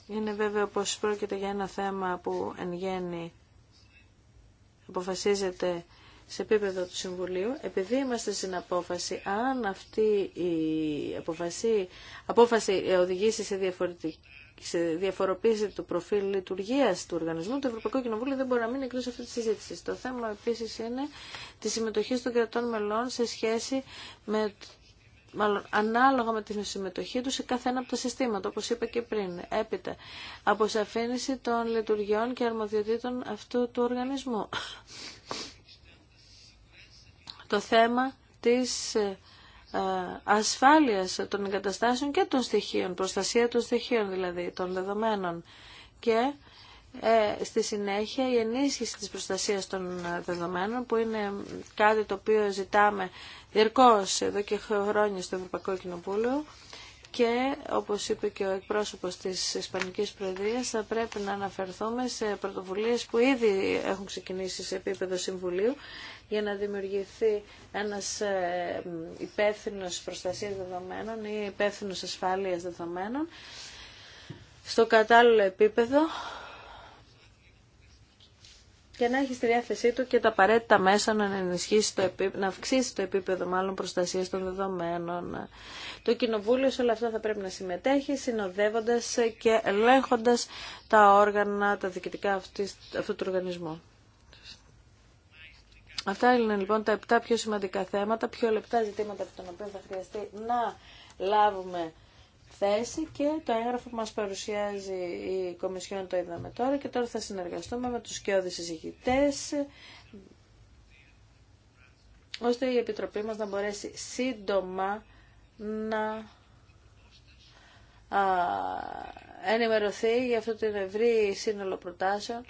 Είναι βέβαιο πως πρόκειται για ένα θέμα που εν γέννη αποφασίζεται σε επίπεδο του Συμβουλίου, επειδή είμαστε στην απόφαση, αν αυτή η απόφαση, απόφαση ε, οδηγήσει σε διαφορετική σε διαφοροποίηση του προφίλ λειτουργία του οργανισμού, το Ευρωπαϊκό Κοινοβούλιο δεν μπορεί να μείνει εκτό αυτή τη συζήτηση. Το θέμα επίση είναι τη συμμετοχή των κρατών μελών σε σχέση με μάλλον ανάλογα με την συμμετοχή του σε κάθε ένα από τα συστήματα, όπω είπα και πριν. Έπειτα, αποσαφήνιση των λειτουργιών και αρμοδιοτήτων αυτού του οργανισμού το θέμα της ε, ε, ασφάλειας των εγκαταστάσεων και των στοιχείων, προστασία των στοιχείων δηλαδή, των δεδομένων. Και ε, στη συνέχεια η ενίσχυση της προστασίας των δεδομένων που είναι κάτι το οποίο ζητάμε διαρκώς εδώ και χρόνια στο Ευρωπαϊκό Κοινοβούλιο και όπως είπε και ο εκπρόσωπος της Ισπανικής Προεδρίας θα πρέπει να αναφερθούμε σε πρωτοβουλίες που ήδη έχουν ξεκινήσει σε επίπεδο Συμβουλίου για να δημιουργηθεί ένας ε, υπεύθυνο προστασίας δεδομένων ή υπεύθυνο ασφάλειας δεδομένων στο κατάλληλο επίπεδο και να έχει στη διάθεσή του και τα απαραίτητα μέσα να, ενισχύσει το επί... να αυξήσει το επίπεδο μάλλον προστασίας των δεδομένων. Το Κοινοβούλιο σε όλα αυτά θα πρέπει να συμμετέχει συνοδεύοντας και ελέγχοντα τα όργανα, τα διοικητικά αυτού του οργανισμού. Αυτά είναι λοιπόν τα επτά πιο σημαντικά θέματα, πιο λεπτά ζητήματα από τον οποία θα χρειαστεί να λάβουμε θέση και το έγγραφο που μας παρουσιάζει η Κομισιόν το είδαμε τώρα και τώρα θα συνεργαστούμε με τους σκιώδεις συζητητές ώστε η Επιτροπή μας να μπορέσει σύντομα να ενημερωθεί για αυτό το ευρύ σύνολο προτάσεων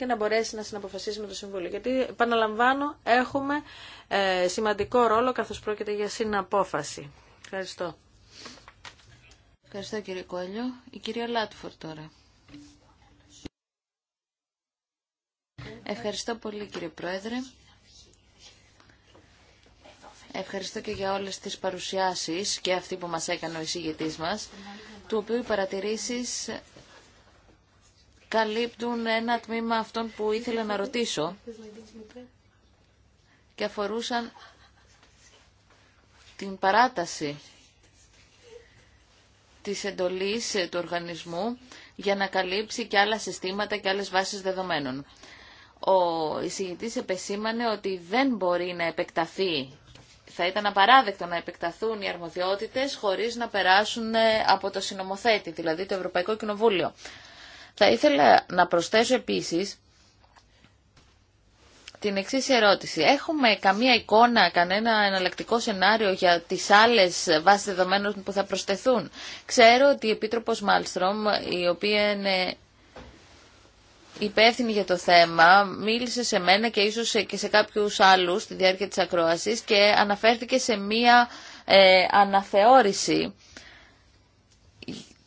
και να μπορέσει να συναποφασίσει με το Συμβούλιο. Γιατί, επαναλαμβάνω, έχουμε ε, σημαντικό ρόλο καθώς πρόκειται για συναπόφαση. Ευχαριστώ. Ευχαριστώ κύριε Κόλλιο. Η κυρία Λάτφορ τώρα. Ευχαριστώ πολύ κύριε Πρόεδρε. Ευχαριστώ και για όλες τις παρουσιάσεις και αυτή που μας έκανε ο εισηγητής μας, του οποίου οι παρατηρήσεις καλύπτουν ένα τμήμα αυτών που ήθελα να ρωτήσω και αφορούσαν την παράταση της εντολής του οργανισμού για να καλύψει και άλλα συστήματα και άλλες βάσεις δεδομένων. Ο εισηγητής επεσήμανε ότι δεν μπορεί να επεκταθεί θα ήταν απαράδεκτο να επεκταθούν οι αρμοδιότητες χωρίς να περάσουν από το συνομοθέτη, δηλαδή το Ευρωπαϊκό Κοινοβούλιο. Θα ήθελα να προσθέσω επίσης την εξή ερώτηση. Έχουμε καμία εικόνα, κανένα εναλλακτικό σενάριο για τις άλλες βάσεις δεδομένων που θα προσθεθούν. Ξέρω ότι η Επίτροπος Μάλστρομ, η οποία είναι υπεύθυνη για το θέμα, μίλησε σε μένα και ίσως και σε κάποιους άλλους στη διάρκεια της ακρόασης και αναφέρθηκε σε μία ε, αναθεώρηση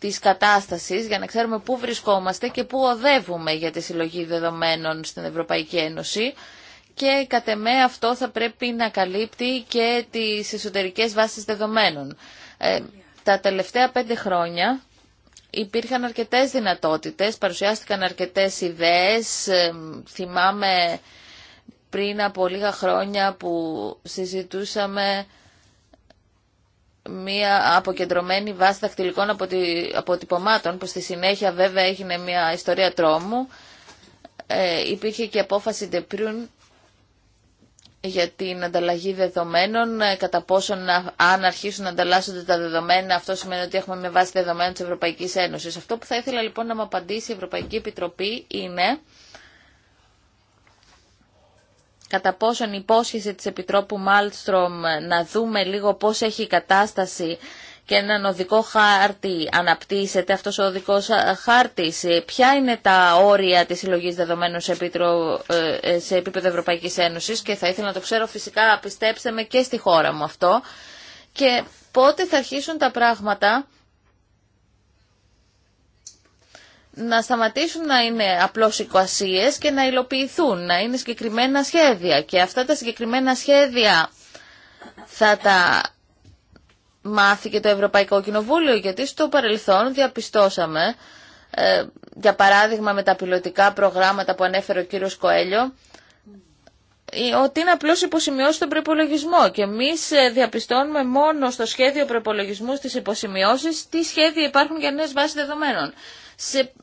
της κατάστασης για να ξέρουμε πού βρισκόμαστε και πού οδεύουμε για τη συλλογή δεδομένων στην Ευρωπαϊκή Ένωση και κατ' εμέ αυτό θα πρέπει να καλύπτει και τις εσωτερικές βάσεις δεδομένων. Ε, τα τελευταία πέντε χρόνια υπήρχαν αρκετές δυνατότητες, παρουσιάστηκαν αρκετές ιδέες, ε, θυμάμαι πριν από λίγα χρόνια που συζητούσαμε μία αποκεντρωμένη βάση δακτυλικών αποτυπωμάτων που στη συνέχεια βέβαια έγινε μία ιστορία τρόμου. Ε, υπήρχε και απόφαση Ντεπρούν για την ανταλλαγή δεδομένων, ε, κατά πόσον αν αρχίσουν να ανταλλάσσονται τα δεδομένα, αυτό σημαίνει ότι έχουμε μια βάση δεδομένων της Ευρωπαϊκής Ένωσης. Αυτό που θα ήθελα λοιπόν να μου απαντήσει η Ευρωπαϊκή Επιτροπή είναι κατά πόσον υπόσχεση της Επιτρόπου Μάλστρομ να δούμε λίγο πώς έχει η κατάσταση και έναν οδικό χάρτη αναπτύσσεται αυτός ο οδικός χάρτης. Ποια είναι τα όρια της συλλογή δεδομένων σε, ε, ε, σε επίπεδο Ευρωπαϊκής Ένωσης και θα ήθελα να το ξέρω φυσικά, πιστέψτε με, και στη χώρα μου αυτό. Και πότε θα αρχίσουν τα πράγματα να σταματήσουν να είναι απλώς οικοασίες και να υλοποιηθούν, να είναι συγκεκριμένα σχέδια. Και αυτά τα συγκεκριμένα σχέδια θα τα μάθει και το Ευρωπαϊκό Κοινοβούλιο, γιατί στο παρελθόν διαπιστώσαμε, ε, για παράδειγμα με τα πιλωτικά προγράμματα που ανέφερε ο κύριος Κοέλιο, ότι είναι απλώς υποσημειώσει στον προπολογισμό και εμεί ε, διαπιστώνουμε μόνο στο σχέδιο προπολογισμού στις υποσημειώσεις τι σχέδια υπάρχουν για νέες βάσεις δεδομένων. Σε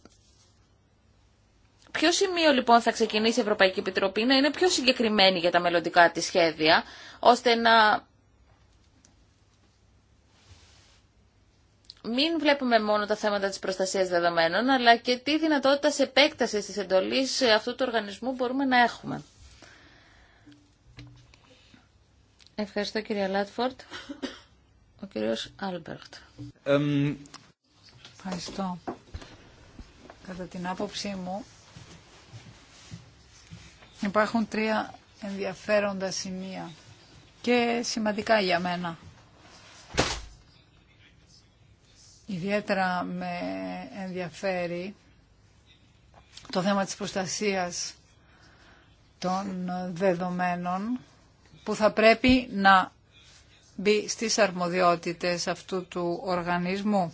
ποιο σημείο λοιπόν θα ξεκινήσει η Ευρωπαϊκή Επιτροπή να είναι πιο συγκεκριμένη για τα μελλοντικά τη σχέδια, ώστε να μην βλέπουμε μόνο τα θέματα της προστασίας δεδομένων, αλλά και τι δυνατότητα σε επέκταση της εντολής αυτού του οργανισμού μπορούμε να έχουμε. Ευχαριστώ κύριε Λάτφορτ. Ο κύριος Άλμπερτ. Ευχαριστώ. Κατά την άποψή μου, Υπάρχουν τρία ενδιαφέροντα σημεία και σημαντικά για μένα. Ιδιαίτερα με ενδιαφέρει το θέμα της προστασίας των δεδομένων που θα πρέπει να μπει στις αρμοδιότητες αυτού του οργανισμού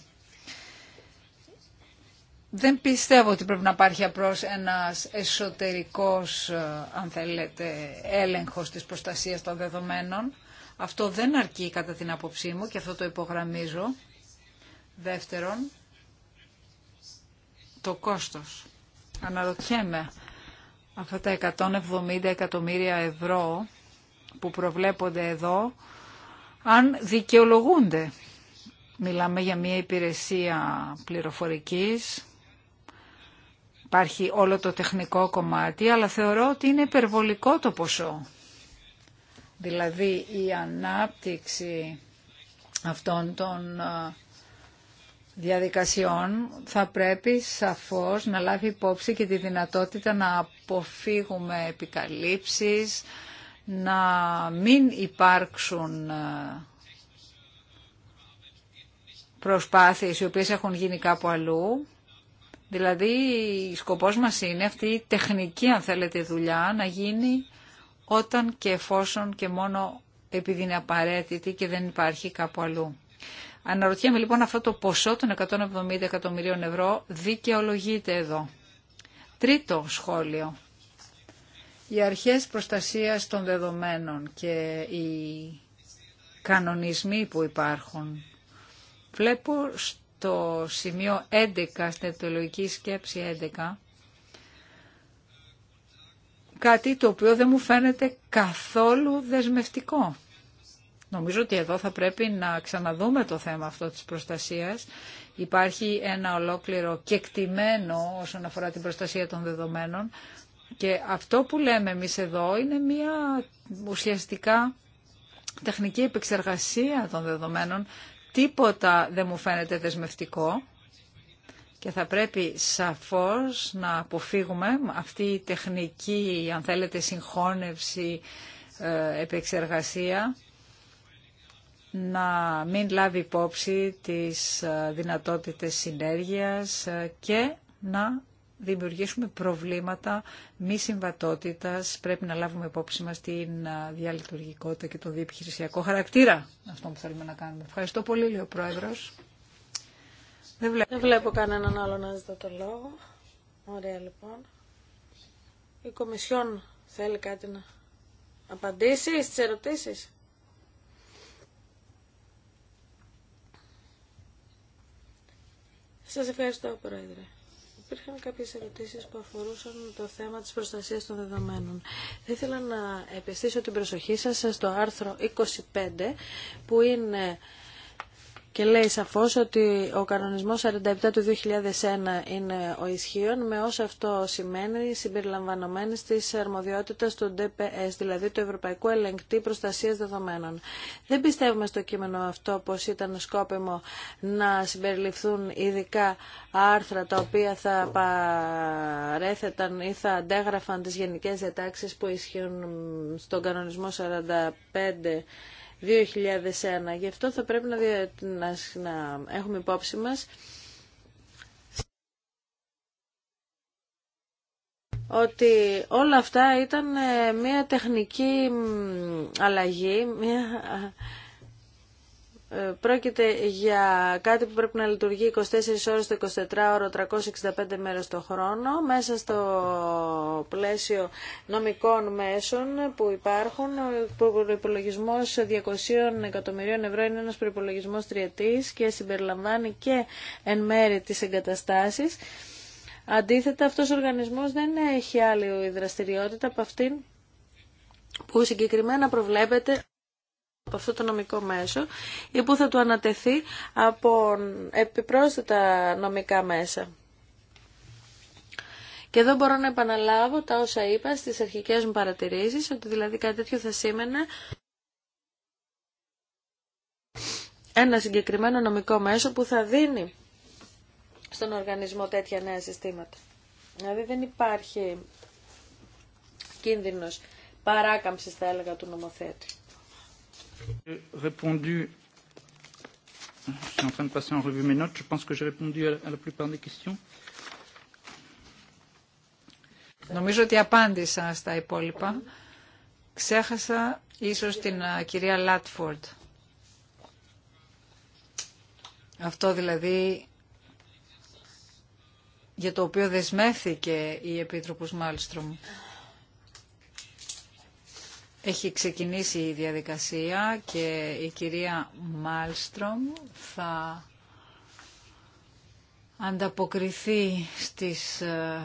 δεν πιστεύω ότι πρέπει να υπάρχει απλώς ένας εσωτερικός, ε, αν θέλετε, έλεγχος της προστασίας των δεδομένων. Αυτό δεν αρκεί κατά την άποψή μου και αυτό το υπογραμμίζω. Δεύτερον, το κόστος. Αναρωτιέμαι, αυτά τα 170 εκατομμύρια ευρώ που προβλέπονται εδώ, αν δικαιολογούνται. Μιλάμε για μια υπηρεσία πληροφορικής, υπάρχει όλο το τεχνικό κομμάτι, αλλά θεωρώ ότι είναι υπερβολικό το ποσό. Δηλαδή η ανάπτυξη αυτών των διαδικασιών θα πρέπει σαφώς να λάβει υπόψη και τη δυνατότητα να αποφύγουμε επικαλύψεις, να μην υπάρξουν προσπάθειες οι οποίες έχουν γίνει κάπου αλλού Δηλαδή, σκοπός μας είναι αυτή η τεχνική, αν θέλετε, δουλειά να γίνει όταν και εφόσον και μόνο επειδή είναι απαραίτητη και δεν υπάρχει κάπου αλλού. Αναρωτιέμαι λοιπόν αυτό το ποσό των 170 εκατομμυρίων ευρώ δικαιολογείται εδώ. Τρίτο σχόλιο. Οι αρχές προστασίας των δεδομένων και οι κανονισμοί που υπάρχουν. Βλέπω το σημείο 11, στην ευτολογική σκέψη 11, κάτι το οποίο δεν μου φαίνεται καθόλου δεσμευτικό. Νομίζω ότι εδώ θα πρέπει να ξαναδούμε το θέμα αυτό της προστασίας. Υπάρχει ένα ολόκληρο κεκτημένο όσον αφορά την προστασία των δεδομένων και αυτό που λέμε εμείς εδώ είναι μια ουσιαστικά τεχνική επεξεργασία των δεδομένων τίποτα δεν μου φαίνεται δεσμευτικό και θα πρέπει σαφώς να αποφύγουμε αυτή η τεχνική, αν θέλετε, συγχώνευση, ε, επεξεργασία, να μην λάβει υπόψη τις ε, δυνατότητες συνέργειας ε, και να δημιουργήσουμε προβλήματα μη συμβατότητας. Πρέπει να λάβουμε υπόψη μας την διαλειτουργικότητα και το διεπιχειρησιακό χαρακτήρα αυτό που θέλουμε να κάνουμε. Ευχαριστώ πολύ, λέει ο Πρόεδρος. Δεν βλέπω, Δεν βλέπω κανέναν άλλο να ζητά το λόγο. Ωραία, λοιπόν. Η Κομισιόν θέλει κάτι να απαντήσει στις ερωτήσεις. Σας ευχαριστώ, Πρόεδρε υπήρχαν κάποιες ερωτήσεις που αφορούσαν το θέμα της προστασίας των δεδομένων. Θα ήθελα να επιστήσω την προσοχή σας στο άρθρο 25 που είναι και λέει σαφώ ότι ο κανονισμός 47 του 2001 είναι ο ισχύων με όσο αυτό σημαίνει συμπεριλαμβανομένης της αρμοδιότητα του DPS, δηλαδή του Ευρωπαϊκού Ελεγκτή Προστασίας Δεδομένων. Δεν πιστεύουμε στο κείμενο αυτό πως ήταν σκόπιμο να συμπεριληφθούν ειδικά άρθρα τα οποία θα παρέθεταν ή θα αντέγραφαν τι γενικέ διατάξει που ισχύουν στον κανονισμό 45 2001. Γι' αυτό θα πρέπει να, να έχουμε υπόψη μας ότι όλα αυτά ήταν ε, μια τεχνική αλλαγή, μια ε, πρόκειται για κάτι που πρέπει να λειτουργεί 24 ώρες το 24ωρο, 365 μέρες το χρόνο, μέσα στο πλαίσιο νομικών μέσων που υπάρχουν. Ο προπολογισμό 200 εκατομμυρίων ευρώ είναι ένας προϋπολογισμός τριετής και συμπεριλαμβάνει και εν μέρη τις εγκαταστάσεις. Αντίθετα, αυτός ο οργανισμός δεν έχει άλλη δραστηριότητα από αυτήν που συγκεκριμένα προβλέπεται από αυτό το νομικό μέσο ή που θα του ανατεθεί από επιπρόσθετα νομικά μέσα. Και εδώ μπορώ να επαναλάβω τα όσα είπα στις αρχικές μου παρατηρήσεις, ότι δηλαδή κάτι τέτοιο θα σήμαινε ένα συγκεκριμένο νομικό μέσο που θα δίνει στον οργανισμό τέτοια νέα συστήματα. Δηλαδή δεν υπάρχει κίνδυνος παράκαμψης, θα έλεγα, του νομοθέτη. Νομίζω ότι απάντησα στα υπόλοιπα. Ξέχασα ίσως την κυρία Λάτφορντ. Αυτό δηλαδή για το οποίο δεσμεύθηκε η Επίτροπος Μάλστρομ. Έχει ξεκινήσει η διαδικασία και η κυρία Μάλστρομ θα ανταποκριθεί στις ε,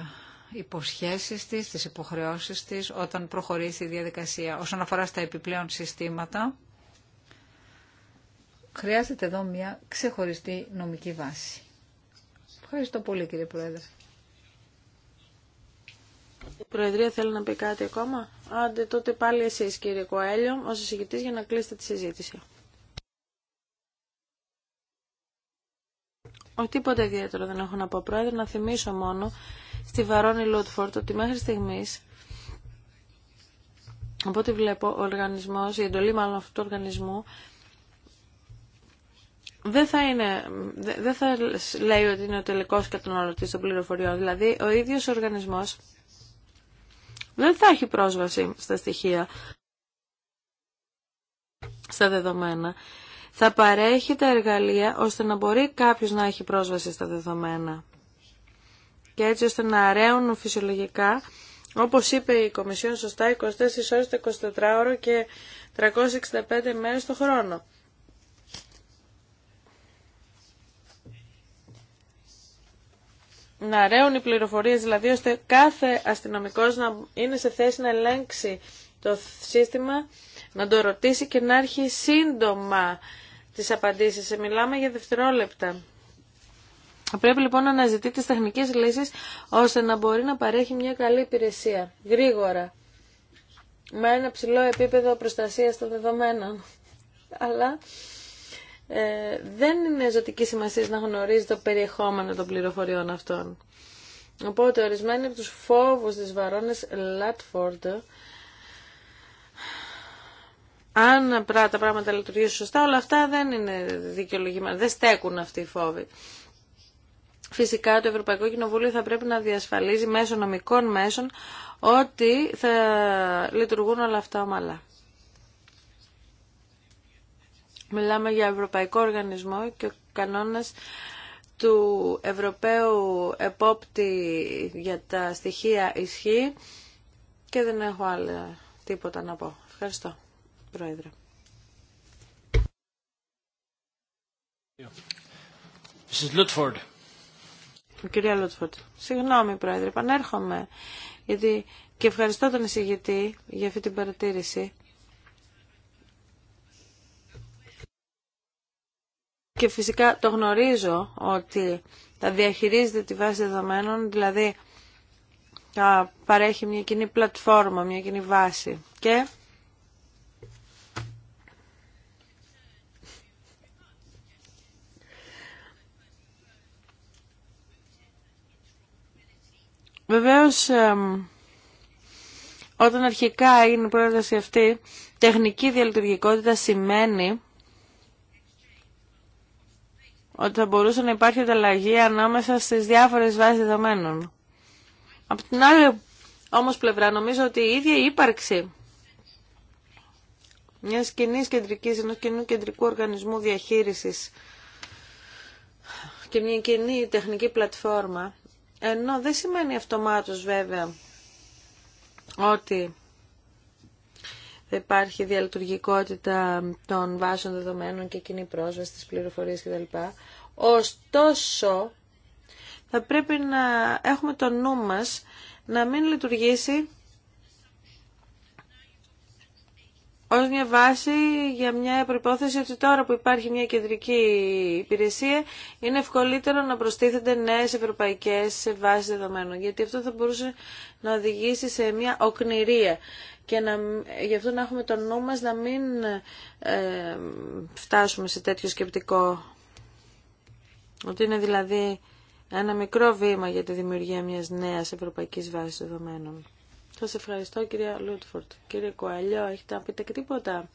υποσχέσεις της, στις υποχρεώσεις της όταν προχωρήσει η διαδικασία. Όσον αφορά στα επιπλέον συστήματα, χρειάζεται εδώ μια ξεχωριστή νομική βάση. Ευχαριστώ πολύ κύριε Πρόεδρε. Η Προεδρία θέλει να πει κάτι ακόμα. Άντε τότε πάλι εσείς κύριε Κοέλιο, ως εισηγητής για να κλείσετε τη συζήτηση. Ο τίποτα ιδιαίτερο δεν έχω να πω πρόεδρε, να θυμίσω μόνο στη Βαρόνη Λούτφορτ ότι μέχρι στιγμής από ό,τι βλέπω ο οργανισμός, η εντολή μάλλον αυτού του οργανισμού δεν θα, είναι, δεν θα λέει ότι είναι ο τελικός καταναλωτής των πληροφοριών. Δηλαδή, ο ίδιος ο οργανισμός δεν θα έχει πρόσβαση στα στοιχεία, στα δεδομένα. Θα παρέχει τα εργαλεία ώστε να μπορεί κάποιος να έχει πρόσβαση στα δεδομένα. Και έτσι ώστε να αραίουν φυσιολογικά, όπως είπε η Κομισιόν σωστά, 24 ώρες, 24 ώρο και 365 μέρες το χρόνο. να ρέουν οι πληροφορίες, δηλαδή ώστε κάθε αστυνομικός να είναι σε θέση να ελέγξει το σύστημα, να το ρωτήσει και να έρχει σύντομα τις απαντήσεις. Ε, μιλάμε για δευτερόλεπτα. Πρέπει λοιπόν να αναζητεί τις τεχνικές λύσεις ώστε να μπορεί να παρέχει μια καλή υπηρεσία, γρήγορα, με ένα ψηλό επίπεδο προστασίας των δεδομένων. Αλλά ε, δεν είναι ζωτική σημασία να γνωρίζει το περιεχόμενο των πληροφοριών αυτών. Οπότε ορισμένοι από τους φόβους της Βαρόνες Λάτφορντ αν τα πράγματα λειτουργήσουν σωστά, όλα αυτά δεν είναι δικαιολογημένα, δεν στέκουν αυτοί οι φόβοι. Φυσικά το Ευρωπαϊκό Κοινοβούλιο θα πρέπει να διασφαλίζει μέσω νομικών μέσων ότι θα λειτουργούν όλα αυτά ομαλά. Μιλάμε για Ευρωπαϊκό Οργανισμό και ο κανόνας του Ευρωπαίου Επόπτη για τα στοιχεία ισχύει και δεν έχω άλλα τίποτα να πω. Ευχαριστώ, Πρόεδρε. Κυρία Λούτφορντ, συγγνώμη Πρόεδρε, επανέρχομαι γιατί και ευχαριστώ τον εισηγητή για αυτή την παρατήρηση. και φυσικά το γνωρίζω ότι θα διαχειρίζεται τη βάση δεδομένων, δηλαδή θα παρέχει μια κοινή πλατφόρμα, μια κοινή βάση. Και Βεβαίως, όταν αρχικά έγινε η πρόταση αυτή, τεχνική διαλειτουργικότητα σημαίνει ότι θα μπορούσε να υπάρχει ανταλλαγή ανάμεσα στις διάφορες βάσεις δεδομένων. Από την άλλη όμως πλευρά νομίζω ότι η ίδια ύπαρξη μια κοινή κεντρική ενό κοινού κεντρικού οργανισμού διαχείρισης και μια κοινή τεχνική πλατφόρμα, ενώ δεν σημαίνει αυτομάτως βέβαια ότι θα υπάρχει διαλειτουργικότητα των βάσεων δεδομένων και κοινή πρόσβαση στις πληροφορίες κτλ. Ωστόσο, θα πρέπει να έχουμε το νου μας να μην λειτουργήσει ως μια βάση για μια προϋπόθεση ότι τώρα που υπάρχει μια κεντρική υπηρεσία είναι ευκολύτερο να προστίθενται νέες ευρωπαϊκές βάσεις δεδομένων γιατί αυτό θα μπορούσε να οδηγήσει σε μια οκνηρία και να, γι' αυτό να έχουμε το νου μας να μην ε, φτάσουμε σε τέτοιο σκεπτικό. Ότι είναι δηλαδή ένα μικρό βήμα για τη δημιουργία μιας νέας ευρωπαϊκής βάσης δεδομένων. Σας ευχαριστώ κυρία Λούτφορτ. Κύριε Κουαλιό, έχετε να πείτε και τίποτα.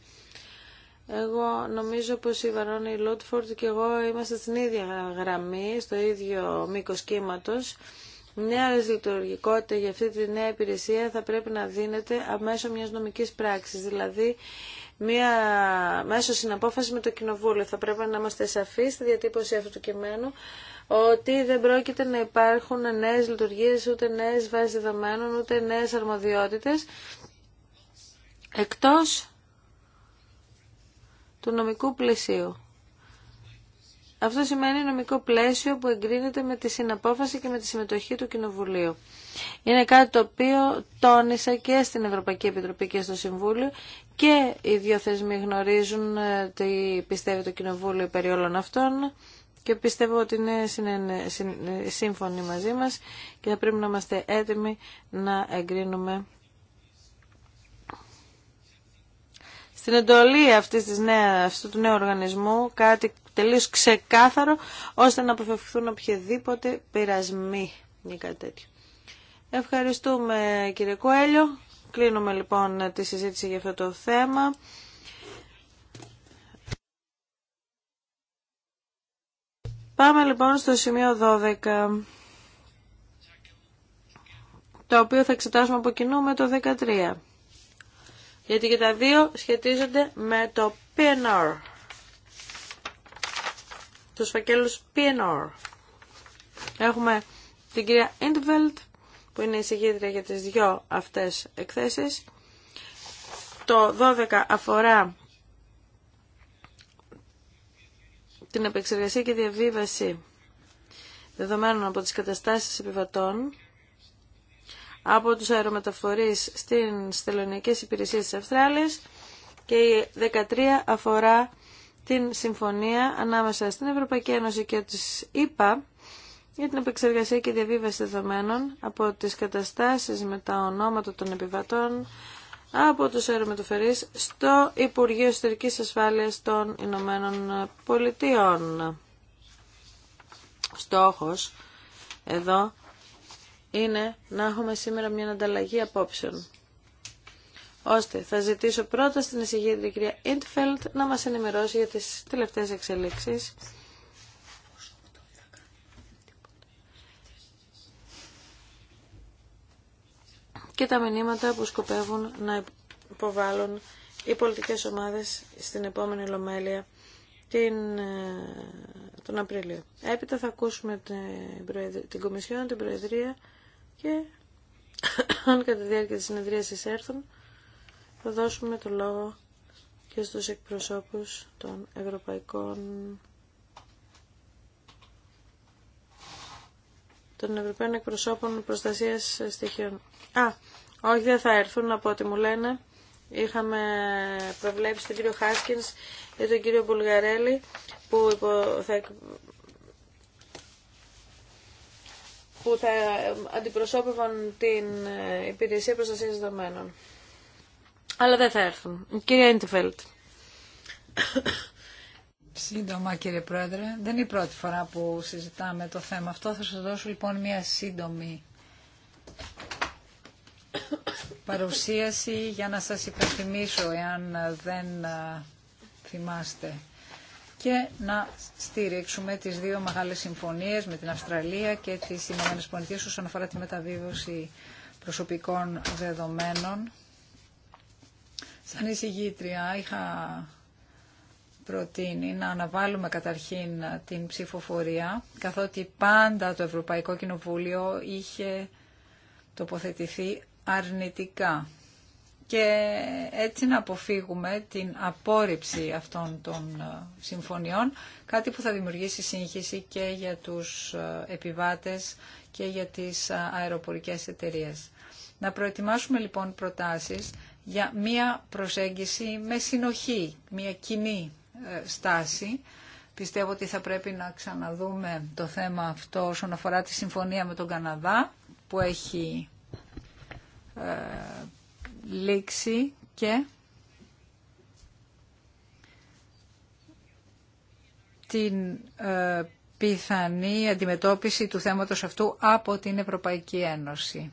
Εγώ νομίζω πως η Βαρόνη Λούτφορτ και εγώ είμαστε στην ίδια γραμμή, στο ίδιο μήκο κύματος νέα λειτουργικότητα για αυτή τη νέα υπηρεσία θα πρέπει να δίνεται μέσω μιας νομικής πράξης, δηλαδή μια μέσω συναπόφαση με το Κοινοβούλιο. Θα πρέπει να είμαστε σαφείς στη διατύπωση αυτού του κειμένου ότι δεν πρόκειται να υπάρχουν νέες λειτουργίες, ούτε νέες βάσεις δεδομένων, ούτε νέες αρμοδιότητες, εκτός του νομικού πλαισίου. Αυτό σημαίνει νομικό πλαίσιο που εγκρίνεται με τη συναπόφαση και με τη συμμετοχή του Κοινοβουλίου. Είναι κάτι το οποίο τόνισα και στην Ευρωπαϊκή Επιτροπή και στο Συμβούλιο και οι δύο θεσμοί γνωρίζουν ε, τι πιστεύει το Κοινοβούλιο περί όλων αυτών και πιστεύω ότι είναι ε, σύμφωνοι μαζί μας και θα πρέπει να είμαστε έτοιμοι να εγκρίνουμε στην εντολή αυτής της αυτού του νέου οργανισμού κάτι τελείως ξεκάθαρο ώστε να αποφευχθούν οποιαδήποτε πειρασμοί ή κάτι τέτοιο. Ευχαριστούμε κύριε Κουέλιο. Κλείνουμε λοιπόν τη συζήτηση για αυτό το θέμα. Πάμε λοιπόν στο σημείο 12 το οποίο θα εξετάσουμε από κοινού με το 13. Γιατί και τα δύο σχετίζονται με το PNR τους φακέλους PNR. Έχουμε την κυρία Ιντβελτ, που είναι η συγκίτρια για τις δυο αυτές εκθέσεις. Το 12 αφορά την επεξεργασία και διαβίβαση δεδομένων από τις καταστάσεις επιβατών από τους αερομεταφορείς στην στελωνικές υπηρεσίες της Αυστράλης και η 13 αφορά την συμφωνία ανάμεσα στην Ευρωπαϊκή Ένωση και τις ΗΠΑ για την επεξεργασία και διαβίβαση δεδομένων από τις καταστάσεις με τα ονόματα των επιβατών από τους αερομετωφερείς στο Υπουργείο Ιστορικής Ασφάλειας των Ηνωμένων Πολιτειών. Στόχος εδώ είναι να έχουμε σήμερα μια ανταλλαγή απόψεων ώστε θα ζητήσω πρώτα στην εισηγήτρια κυρία Ιντφελτ να μας ενημερώσει για τις τελευταίες εξελίξεις. και τα μηνύματα που σκοπεύουν να υποβάλουν οι πολιτικές ομάδες στην επόμενη Λομέλεια την, ε, τον Απρίλιο. Έπειτα θα ακούσουμε την, την Κομισιόν, την Προεδρία και αν κατά τη διάρκεια της συνεδρίας έρθουν θα δώσουμε το λόγο και στους εκπροσώπους των ευρωπαϊκών των Ευρωπαίων Εκπροσώπων Προστασίας Στοιχείων. Α, όχι δεν θα έρθουν από ό,τι μου λένε. Είχαμε προβλέψει τον κύριο Χάσκινς και τον κύριο Μπουλγαρέλη που, θα... που θα ε, αντιπροσώπευαν την ε, Υπηρεσία Προστασίας Δεδομένων αλλά δεν θα έρθουν. Κύριε κυρία Ιντεφέλτ. Σύντομα κύριε Πρόεδρε, δεν είναι η πρώτη φορά που συζητάμε το θέμα αυτό. Θα σας δώσω λοιπόν μια σύντομη παρουσίαση για να σας υπενθυμίσω εάν δεν θυμάστε και να στηρίξουμε τις δύο μεγάλες συμφωνίες με την Αυστραλία και τις Ηνωμένες Πολιτείες όσον αφορά τη μεταβίβαση προσωπικών δεδομένων Σαν εισηγήτρια είχα προτείνει να αναβάλουμε καταρχήν την ψηφοφορία, καθότι πάντα το Ευρωπαϊκό Κοινοβούλιο είχε τοποθετηθεί αρνητικά. Και έτσι να αποφύγουμε την απόρριψη αυτών των ε, συμφωνιών, κάτι που θα δημιουργήσει σύγχυση και για τους ε, επιβάτες και για τις ε, αεροπορικές εταιρείες. Να προετοιμάσουμε λοιπόν προτάσεις για μία προσέγγιση με συνοχή, μία κοινή ε, στάση. Πιστεύω ότι θα πρέπει να ξαναδούμε το θέμα αυτό όσον αφορά τη συμφωνία με τον Καναδά που έχει ε, λήξει και την ε, πιθανή αντιμετώπιση του θέματος αυτού από την Ευρωπαϊκή Ένωση.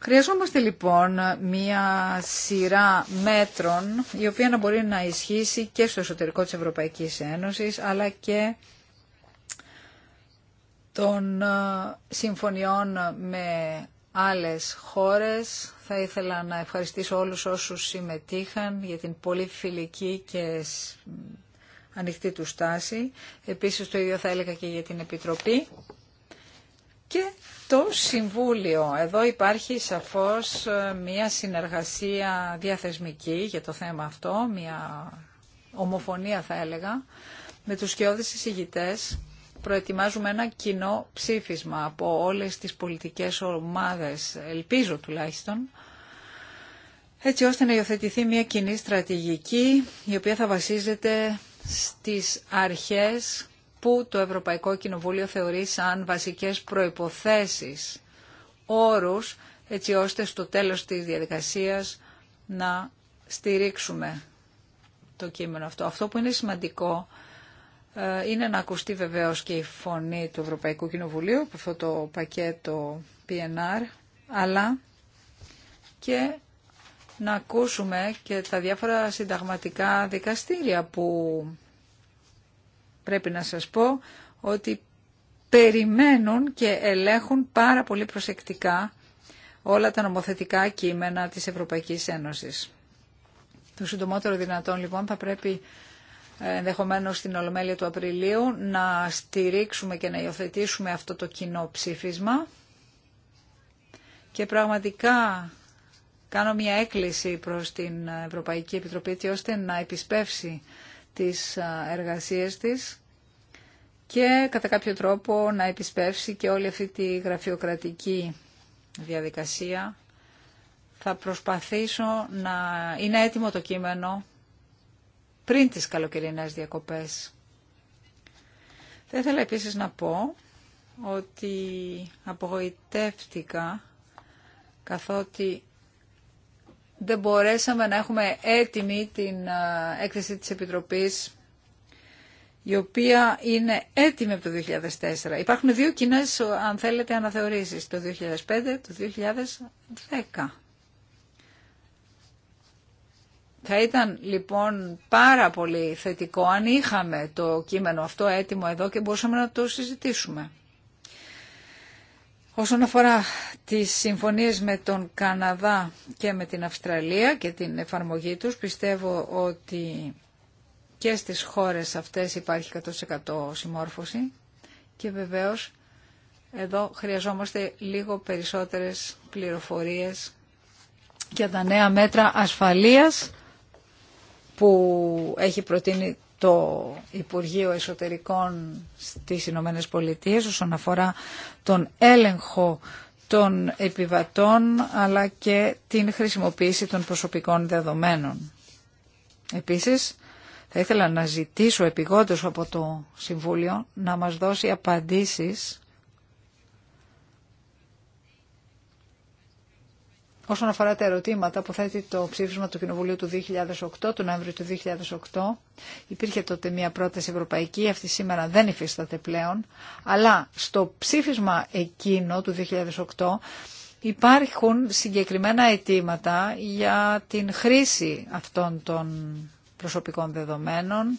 Χρειαζόμαστε λοιπόν μία σειρά μέτρων η οποία να μπορεί να ισχύσει και στο εσωτερικό της Ευρωπαϊκής Ένωσης αλλά και των ε, συμφωνιών με άλλες χώρες. Θα ήθελα να ευχαριστήσω όλους όσους συμμετείχαν για την πολύ φιλική και ανοιχτή του στάση. Επίσης το ίδιο θα έλεγα και για την Επιτροπή και το Συμβούλιο. Εδώ υπάρχει σαφώς ε, μια συνεργασία διαθεσμική για το θέμα αυτό, μια ομοφωνία θα έλεγα, με τους σκιώδεις εισηγητές. Προετοιμάζουμε ένα κοινό ψήφισμα από όλες τις πολιτικές ομάδες, ελπίζω τουλάχιστον, έτσι ώστε να υιοθετηθεί μια κοινή στρατηγική η οποία θα βασίζεται στις αρχές που το Ευρωπαϊκό Κοινοβούλιο θεωρεί σαν βασικές προϋποθέσεις, όρους, έτσι ώστε στο τέλος της διαδικασίας να στηρίξουμε το κείμενο αυτό. Αυτό που είναι σημαντικό ε, είναι να ακουστεί βεβαίως και η φωνή του Ευρωπαϊκού Κοινοβουλίου από αυτό το πακέτο PNR, αλλά και να ακούσουμε και τα διάφορα συνταγματικά δικαστήρια που πρέπει να σας πω ότι περιμένουν και ελέγχουν πάρα πολύ προσεκτικά όλα τα νομοθετικά κείμενα της Ευρωπαϊκής Ένωσης. Το συντομότερο δυνατόν λοιπόν θα πρέπει ε, ενδεχομένως στην Ολομέλεια του Απριλίου να στηρίξουμε και να υιοθετήσουμε αυτό το κοινό ψήφισμα και πραγματικά κάνω μια έκκληση προς την Ευρωπαϊκή Επιτροπή ώστε να επισπεύσει τις εργασίες της και κατά κάποιο τρόπο να επισπεύσει και όλη αυτή τη γραφειοκρατική διαδικασία. Θα προσπαθήσω να είναι έτοιμο το κείμενο πριν τις καλοκαιρινές διακοπές. Θα ήθελα επίσης να πω ότι απογοητεύτηκα καθότι δεν μπορέσαμε να έχουμε έτοιμη την έκθεση της Επιτροπής η οποία είναι έτοιμη από το 2004. Υπάρχουν δύο κοινέ, αν θέλετε, αναθεωρήσεις, το 2005, το 2010. Θα ήταν λοιπόν πάρα πολύ θετικό αν είχαμε το κείμενο αυτό έτοιμο εδώ και μπορούσαμε να το συζητήσουμε. Όσον αφορά τις συμφωνίες με τον Καναδά και με την Αυστραλία και την εφαρμογή τους, πιστεύω ότι και στις χώρες αυτές υπάρχει 100% συμμόρφωση και βεβαίως εδώ χρειαζόμαστε λίγο περισσότερες πληροφορίες για τα νέα μέτρα ασφαλείας που έχει προτείνει το Υπουργείο Εσωτερικών στις Ηνωμένε Πολιτείες όσον αφορά τον έλεγχο των επιβατών αλλά και την χρησιμοποίηση των προσωπικών δεδομένων. Επίσης, θα ήθελα να ζητήσω επιγόντως από το Συμβούλιο να μας δώσει απαντήσεις Όσον αφορά τα ερωτήματα που θέτει το ψήφισμα του Κοινοβουλίου του 2008, του Νοέμβριου του 2008, υπήρχε τότε μια πρόταση ευρωπαϊκή, αυτή σήμερα δεν υφίσταται πλέον, αλλά στο ψήφισμα εκείνο του 2008 υπάρχουν συγκεκριμένα αιτήματα για την χρήση αυτών των προσωπικών δεδομένων.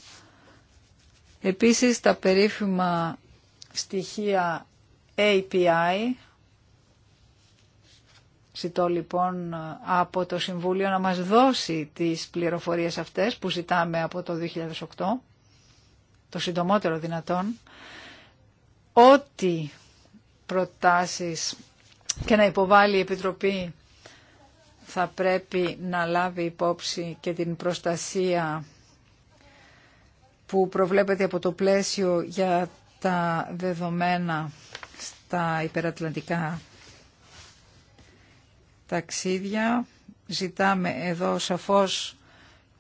Επίσης τα περίφημα στοιχεία API, Ζητώ λοιπόν από το Συμβούλιο να μας δώσει τις πληροφορίες αυτές που ζητάμε από το 2008, το συντομότερο δυνατόν, ό,τι προτάσεις και να υποβάλει η Επιτροπή θα πρέπει να λάβει υπόψη και την προστασία που προβλέπεται από το πλαίσιο για τα δεδομένα στα υπερατλαντικά ταξίδια. Ζητάμε εδώ σαφώς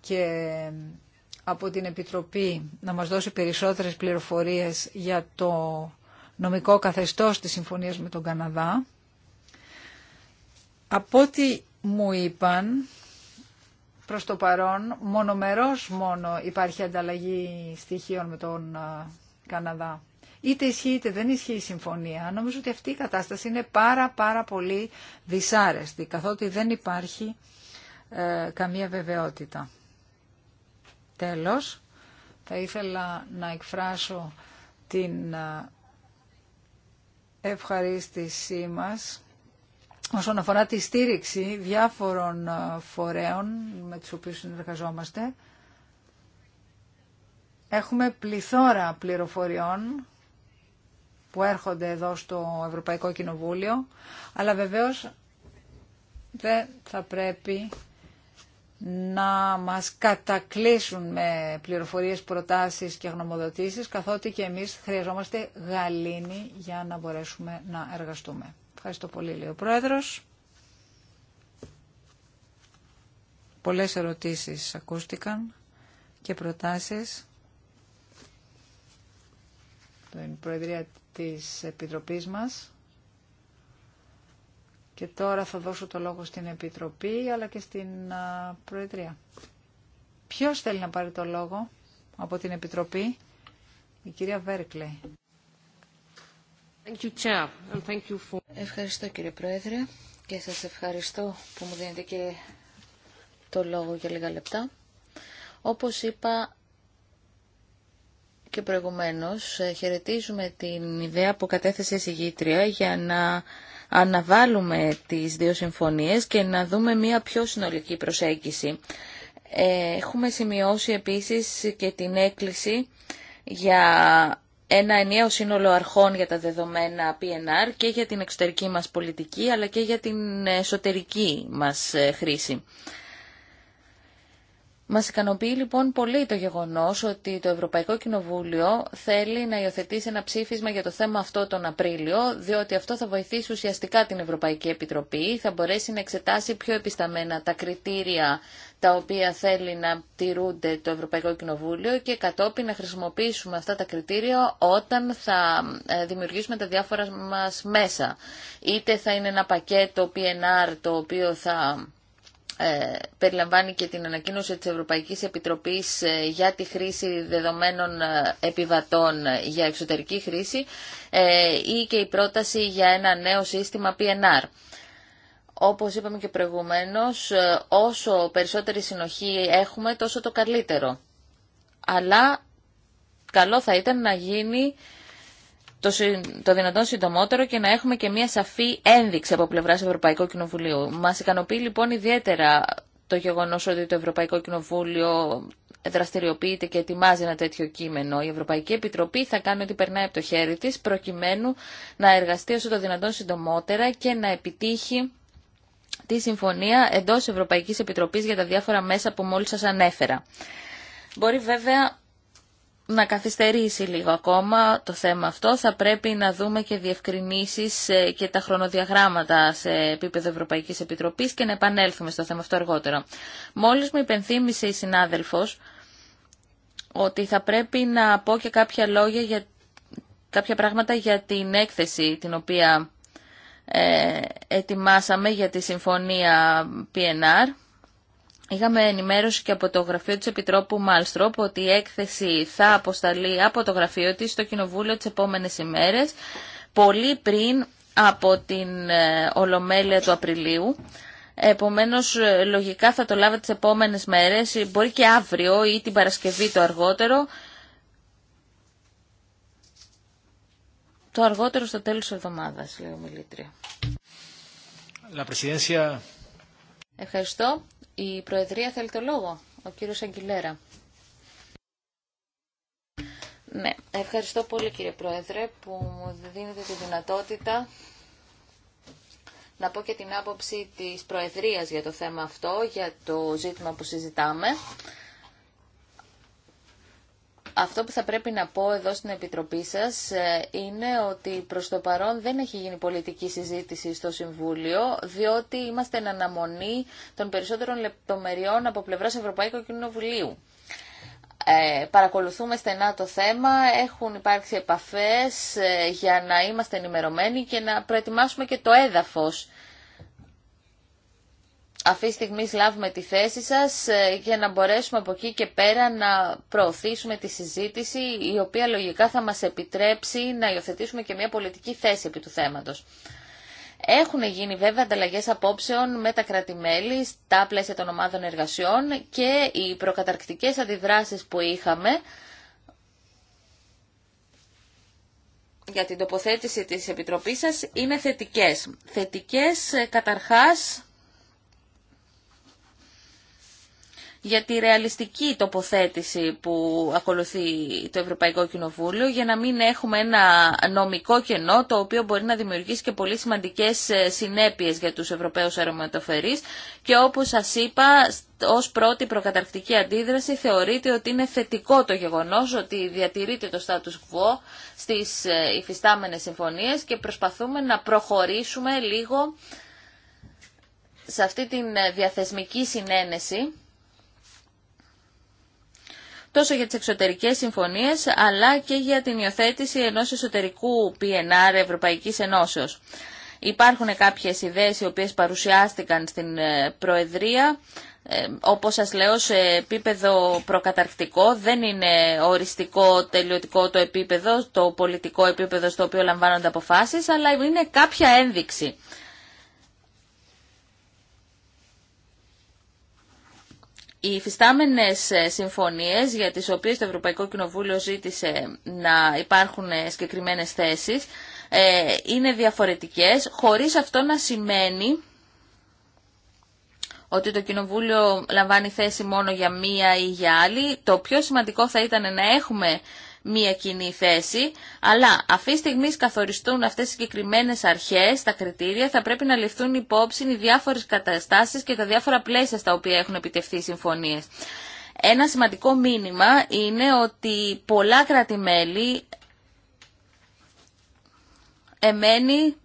και από την Επιτροπή να μας δώσει περισσότερες πληροφορίες για το νομικό καθεστώς της συμφωνίας με τον Καναδά. Από ό,τι μου είπαν, προς το παρόν, μονομερός μόνο υπάρχει ανταλλαγή στοιχείων με τον Καναδά είτε ισχύει είτε δεν ισχύει η συμφωνία, νομίζω ότι αυτή η κατάσταση είναι πάρα πάρα πολύ δυσάρεστη, καθότι δεν υπάρχει ε, καμία βεβαιότητα. Τέλος, θα ήθελα να εκφράσω την ε, ευχαρίστησή μας όσον αφορά τη στήριξη διάφορων ε, φορέων με τους οποίους συνεργαζόμαστε. Έχουμε πληθώρα πληροφοριών που έρχονται εδώ στο Ευρωπαϊκό Κοινοβούλιο, αλλά βεβαίως δεν θα πρέπει να μας κατακλείσουν με πληροφορίες, προτάσεις και γνωμοδοτήσεις, καθότι και εμείς χρειαζόμαστε γαλήνη για να μπορέσουμε να εργαστούμε. Ευχαριστώ πολύ, λέει ο Πρόεδρος. Πολλές ερωτήσεις ακούστηκαν και προτάσεις την Προεδρία της Επιτροπής μας. Και τώρα θα δώσω το λόγο στην Επιτροπή αλλά και στην Προεδρία. Ποιος θέλει να πάρει το λόγο από την Επιτροπή, η κυρία Βέρκλε. Ευχαριστώ κύριε Πρόεδρε και σας ευχαριστώ που μου δίνετε και το λόγο για λίγα λεπτά. Όπως είπα, και προηγουμένως ε, χαιρετίζουμε την ιδέα που κατέθεσε η συγγήτρια για να αναβάλουμε τις δύο συμφωνίες και να δούμε μια πιο συνολική προσέγγιση. Ε, έχουμε σημειώσει επίσης και την έκκληση για ένα ενιαίο σύνολο αρχών για τα δεδομένα PNR και για την εξωτερική μας πολιτική αλλά και για την εσωτερική μας ε, χρήση. Μας ικανοποιεί λοιπόν πολύ το γεγονός ότι το Ευρωπαϊκό Κοινοβούλιο θέλει να υιοθετήσει ένα ψήφισμα για το θέμα αυτό τον Απρίλιο, διότι αυτό θα βοηθήσει ουσιαστικά την Ευρωπαϊκή Επιτροπή, θα μπορέσει να εξετάσει πιο επισταμένα τα κριτήρια τα οποία θέλει να τηρούνται το Ευρωπαϊκό Κοινοβούλιο και κατόπιν να χρησιμοποιήσουμε αυτά τα κριτήρια όταν θα ε, δημιουργήσουμε τα διάφορα μας μέσα. Είτε θα είναι ένα πακέτο PNR το οποίο θα ε, περιλαμβάνει και την ανακοίνωση της Ευρωπαϊκής Επιτροπής ε, για τη χρήση δεδομένων ε, επιβατών για εξωτερική χρήση ή και η πρόταση για ένα νέο σύστημα PNR. Όπως είπαμε και προηγουμένως, όσο περισσότερη συνοχή έχουμε, τόσο το καλύτερο. Αλλά καλό θα ήταν να γίνει το, το δυνατόν συντομότερο και να έχουμε και μια σαφή ένδειξη από πλευρά Ευρωπαϊκού Κοινοβουλίου. Μα ικανοποιεί λοιπόν ιδιαίτερα το γεγονό ότι το Ευρωπαϊκό Κοινοβούλιο δραστηριοποιείται και ετοιμάζει ένα τέτοιο κείμενο. Η Ευρωπαϊκή Επιτροπή θα κάνει ό,τι περνάει από το χέρι τη προκειμένου να εργαστεί όσο το δυνατόν συντομότερα και να επιτύχει τη συμφωνία εντό Ευρωπαϊκή Επιτροπή για τα διάφορα μέσα που μόλι σα ανέφερα. Μπορεί βέβαια να καθυστερήσει λίγο ακόμα το θέμα αυτό. Θα πρέπει να δούμε και διευκρινήσεις ε, και τα χρονοδιαγράμματα σε επίπεδο Ευρωπαϊκής Επιτροπής και να επανέλθουμε στο θέμα αυτό αργότερα. Μόλις μου υπενθύμησε η συνάδελφος ότι θα πρέπει να πω και κάποια λόγια για κάποια πράγματα για την έκθεση την οποία ε, ετοιμάσαμε για τη συμφωνία PNR. Είχαμε ενημέρωση και από το γραφείο της Επιτρόπου Μάλστροπ ότι η έκθεση θα αποσταλεί από το γραφείο της στο Κοινοβούλιο τις επόμενες ημέρες, πολύ πριν από την ε, Ολομέλεια του Απριλίου. Επομένως, ε, λογικά θα το λάβετε τις επόμενες μέρες, ε, μπορεί και αύριο ή την Παρασκευή το αργότερο. Το αργότερο στο τέλος της εβδομάδας, λέει ο Μιλήτρια. Ευχαριστώ. Η Προεδρία θέλει το λόγο. Ο κύριος Αγγιλέρα. Ναι, ευχαριστώ πολύ κύριε Πρόεδρε που μου δίνετε τη δυνατότητα να πω και την άποψη της Προεδρίας για το θέμα αυτό, για το ζήτημα που συζητάμε αυτό που θα πρέπει να πω εδώ στην Επιτροπή σας ε, είναι ότι προς το παρόν δεν έχει γίνει πολιτική συζήτηση στο Συμβούλιο, διότι είμαστε εν αναμονή των περισσότερων λεπτομεριών από πλευράς Ευρωπαϊκού Κοινοβουλίου. Ε, παρακολουθούμε στενά το θέμα, έχουν υπάρξει επαφές ε, για να είμαστε ενημερωμένοι και να προετοιμάσουμε και το έδαφος αυτή τη στιγμή λάβουμε τη θέση σας ε, για να μπορέσουμε από εκεί και πέρα να προωθήσουμε τη συζήτηση η οποία λογικά θα μας επιτρέψει να υιοθετήσουμε και μια πολιτική θέση επί του θέματος. Έχουν γίνει βέβαια ανταλλαγές απόψεων με τα κρατημέλη στα πλαίσια των ομάδων εργασιών και οι προκαταρκτικές αντιδράσεις που είχαμε για την τοποθέτηση της Επιτροπής σας είναι θετικές. Θετικές ε, καταρχάς για τη ρεαλιστική τοποθέτηση που ακολουθεί το Ευρωπαϊκό Κοινοβούλιο για να μην έχουμε ένα νομικό κενό το οποίο μπορεί να δημιουργήσει και πολύ σημαντικές ε, συνέπειες για τους Ευρωπαίους αερομετοφερείς και όπως σας είπα ως πρώτη προκαταρκτική αντίδραση θεωρείται ότι είναι θετικό το γεγονός ότι διατηρείται το status quo στις ε, υφιστάμενες συμφωνίες και προσπαθούμε να προχωρήσουμε λίγο σε αυτή τη ε, διαθεσμική συνένεση τόσο για τις εξωτερικές συμφωνίες αλλά και για την υιοθέτηση ενός εσωτερικού PNR Ευρωπαϊκής Ενώσεως. Υπάρχουν κάποιες ιδέες οι οποίες παρουσιάστηκαν στην ε, Προεδρία ε, όπως σας λέω σε επίπεδο προκαταρκτικό δεν είναι οριστικό τελειωτικό το επίπεδο, το πολιτικό επίπεδο στο οποίο λαμβάνονται αποφάσεις αλλά είναι κάποια ένδειξη. Οι υφιστάμενες ε, συμφωνίες για τις οποίες το Ευρωπαϊκό Κοινοβούλιο ζήτησε να υπάρχουν ε, συγκεκριμένε θέσεις ε, είναι διαφορετικές χωρίς αυτό να σημαίνει ότι το Κοινοβούλιο λαμβάνει θέση μόνο για μία ή για άλλη. Το πιο σημαντικό θα ήταν να έχουμε μία κοινή θέση, αλλά αυτή τη στιγμή καθοριστούν αυτές οι συγκεκριμένες αρχές, τα κριτήρια, θα πρέπει να ληφθούν υπόψη οι διάφορες καταστάσεις και τα διάφορα πλαίσια στα οποία έχουν επιτευχθεί οι συμφωνίες. Ένα σημαντικό μήνυμα είναι ότι πολλά κράτη-μέλη εμένει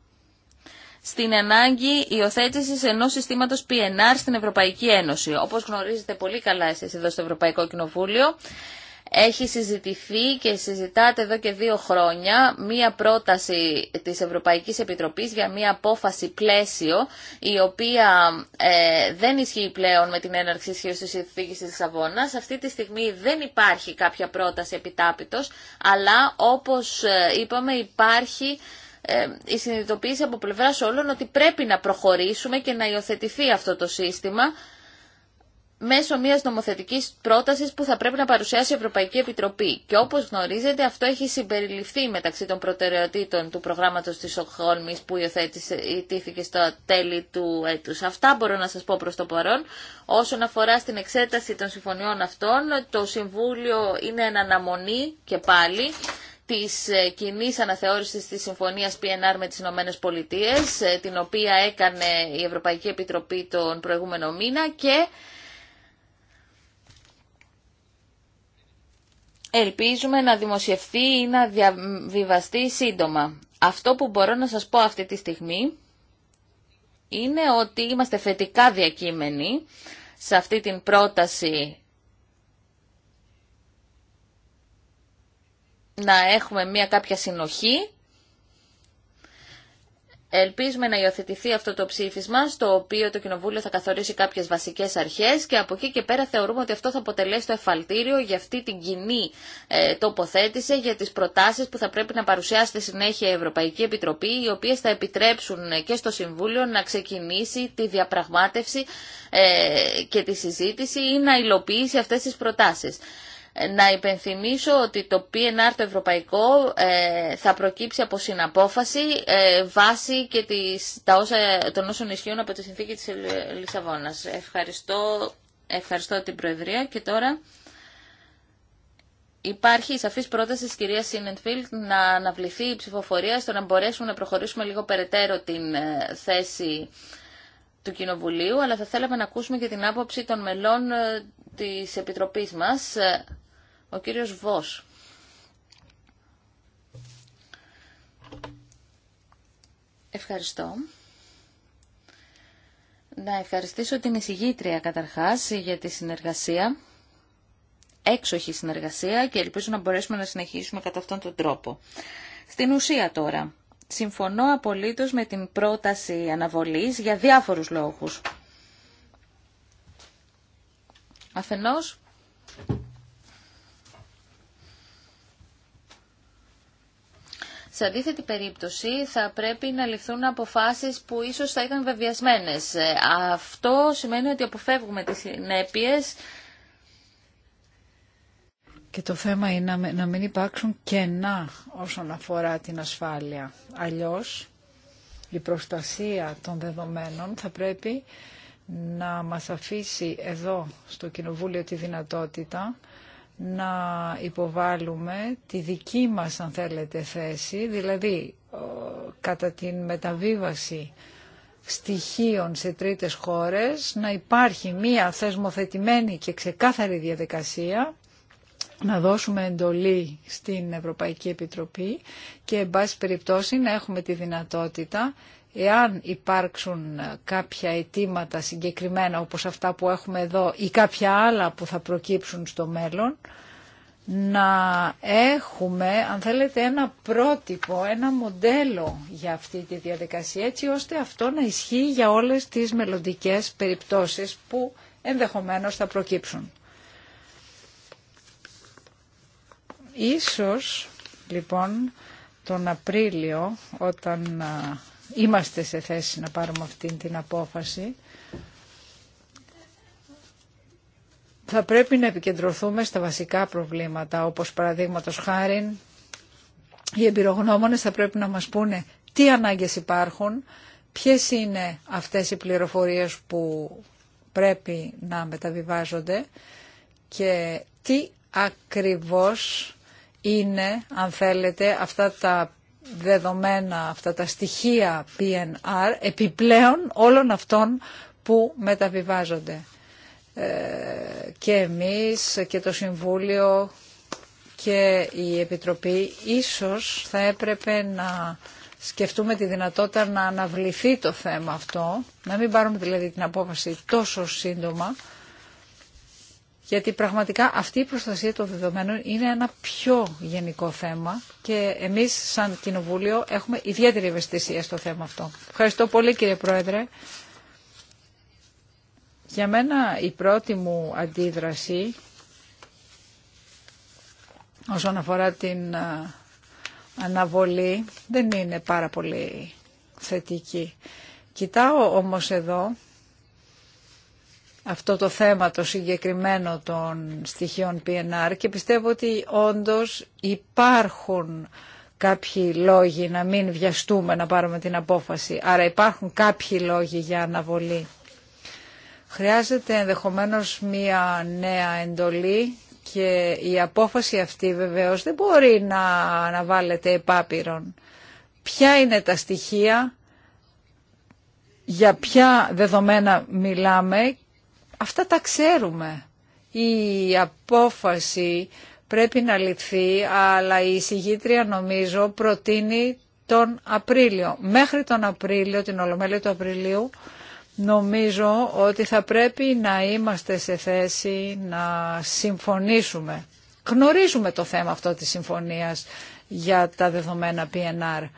στην ανάγκη υιοθέτηση ενό συστήματο PNR στην Ευρωπαϊκή Ένωση. Όπω γνωρίζετε πολύ καλά εσεί εδώ στο Ευρωπαϊκό Κοινοβούλιο, έχει συζητηθεί και συζητάται εδώ και δύο χρόνια μία πρόταση της Ευρωπαϊκής Επιτροπής για μία απόφαση πλαίσιο η οποία ε, δεν ισχύει πλέον με την έναρξη ισχύω της συνθήκης της Αυτή τη στιγμή δεν υπάρχει κάποια πρόταση επιτάπητος, αλλά όπως ε, είπαμε υπάρχει ε, η συνειδητοποίηση από πλευράς όλων ότι πρέπει να προχωρήσουμε και να υιοθετηθεί αυτό το σύστημα μέσω μιας νομοθετικής πρότασης που θα πρέπει να παρουσιάσει η Ευρωπαϊκή Επιτροπή. Και όπως γνωρίζετε αυτό έχει συμπεριληφθεί μεταξύ των προτεραιοτήτων του προγράμματος της Οχόλμης που υιοθετήθηκε στο τέλη του έτους. Αυτά μπορώ να σας πω προς το παρόν. Όσον αφορά στην εξέταση των συμφωνιών αυτών, το Συμβούλιο είναι εν αναμονή και πάλι της ε, κοινή αναθεώρησης της συμφωνίας PNR με τις Ηνωμένε Πολιτείες, ε, την οποία έκανε η Ευρωπαϊκή Επιτροπή τον προηγούμενο μήνα και ελπίζουμε να δημοσιευθεί ή να διαβιβαστεί σύντομα. Αυτό που μπορώ να σας πω αυτή τη στιγμή είναι ότι είμαστε θετικά διακείμενοι σε αυτή την πρόταση να έχουμε μια κάποια συνοχή Ελπίζουμε να υιοθετηθεί αυτό το ψήφισμα, στο οποίο το Κοινοβούλιο θα καθορίσει κάποιε βασικέ αρχέ και από εκεί και πέρα θεωρούμε ότι αυτό θα αποτελέσει το εφαλτήριο για αυτή την κοινή ε, τοποθέτηση για τι προτάσει που θα πρέπει να παρουσιάσει στη συνέχεια η Ευρωπαϊκή Επιτροπή, οι οποίε θα επιτρέψουν ε, και στο Συμβούλιο να ξεκινήσει τη διαπραγμάτευση ε, και τη συζήτηση ή να υλοποιήσει αυτέ τι προτάσει να υπενθυμίσω ότι το PNR το ευρωπαϊκό ε, θα προκύψει από συναπόφαση ε, βάσει και τις, τα όσα, των όσων ισχύουν από τη συνθήκη της Λισαβόνας. Ευχαριστώ, ευχαριστώ την Προεδρία και τώρα... Υπάρχει σαφή πρόταση τη κυρία Σίνεντφιλτ να αναβληθεί η ψηφοφορία στο να μπορέσουμε να προχωρήσουμε λίγο περαιτέρω την ε, θέση του Κοινοβουλίου, αλλά θα θέλαμε να ακούσουμε και την άποψη των μελών της Επιτροπής μας. Ο κύριος Βος. Ευχαριστώ. Να ευχαριστήσω την εισηγήτρια καταρχάς για τη συνεργασία, έξοχη συνεργασία και ελπίζω να μπορέσουμε να συνεχίσουμε κατά αυτόν τον τρόπο. Στην ουσία τώρα, συμφωνώ απολύτως με την πρόταση αναβολής για διάφορους λόγους. Αφενός, Σε αντίθετη περίπτωση θα πρέπει να ληφθούν αποφάσεις που ίσως θα ήταν βεβαιασμένες. Ε, αυτό σημαίνει ότι αποφεύγουμε τις συνέπειε. και το θέμα είναι να μην υπάρξουν κενά όσον αφορά την ασφάλεια. Αλλιώς η προστασία των δεδομένων θα πρέπει να μας αφήσει εδώ στο Κοινοβούλιο τη δυνατότητα να υποβάλουμε τη δική μας, αν θέλετε, θέση, δηλαδή κατά την μεταβίβαση στοιχείων σε τρίτες χώρες, να υπάρχει μία θεσμοθετημένη και ξεκάθαρη διαδικασία, να δώσουμε εντολή στην Ευρωπαϊκή Επιτροπή και, εν πάση περιπτώσει, να έχουμε τη δυνατότητα Εάν υπάρξουν ε, κάποια αιτήματα συγκεκριμένα όπως αυτά που έχουμε εδώ ή κάποια άλλα που θα προκύψουν στο μέλλον, να έχουμε, αν θέλετε, ένα πρότυπο, ένα μοντέλο για αυτή τη διαδικασία, έτσι ώστε αυτό να ισχύει για όλες τις μελλοντικές περιπτώσεις που ενδεχομένως θα προκύψουν. Ίσως, λοιπόν, τον Απρίλιο, όταν ε, είμαστε σε θέση να πάρουμε αυτή την απόφαση. Θα πρέπει να επικεντρωθούμε στα βασικά προβλήματα, όπως παραδείγματο χάρη οι εμπειρογνώμονες θα πρέπει να μας πούνε τι ανάγκες υπάρχουν, ποιες είναι αυτές οι πληροφορίες που πρέπει να μεταβιβάζονται και τι ακριβώς είναι, αν θέλετε, αυτά τα δεδομένα αυτά τα στοιχεία PNR επιπλέον όλων αυτών που μεταβιβάζονται. Ε, και εμείς και το Συμβούλιο και η Επιτροπή ίσως θα έπρεπε να σκεφτούμε τη δυνατότητα να αναβληθεί το θέμα αυτό, να μην πάρουμε δηλαδή την απόφαση τόσο σύντομα, γιατί πραγματικά αυτή η προστασία των δεδομένων είναι ένα πιο γενικό θέμα και εμείς σαν Κοινοβούλιο έχουμε ιδιαίτερη ευαισθησία στο θέμα αυτό. Ευχαριστώ πολύ κύριε Πρόεδρε. Για μένα η πρώτη μου αντίδραση όσον αφορά την αναβολή δεν είναι πάρα πολύ θετική. Κοιτάω όμως εδώ αυτό το θέμα το συγκεκριμένο των στοιχείων PNR και πιστεύω ότι όντως υπάρχουν κάποιοι λόγοι να μην βιαστούμε να πάρουμε την απόφαση. Άρα υπάρχουν κάποιοι λόγοι για αναβολή. Χρειάζεται ενδεχομένως μία νέα εντολή και η απόφαση αυτή βεβαίως δεν μπορεί να αναβάλλεται επάπειρον. Ποια είναι τα στοιχεία, για ποια δεδομένα μιλάμε Αυτά τα ξέρουμε. Η απόφαση πρέπει να ληφθεί, αλλά η εισηγήτρια νομίζω προτείνει τον Απρίλιο. Μέχρι τον Απρίλιο, την Ολομέλεια του Απριλίου, νομίζω ότι θα πρέπει να είμαστε σε θέση να συμφωνήσουμε. Γνωρίζουμε το θέμα αυτό της συμφωνίας για τα δεδομένα PNR.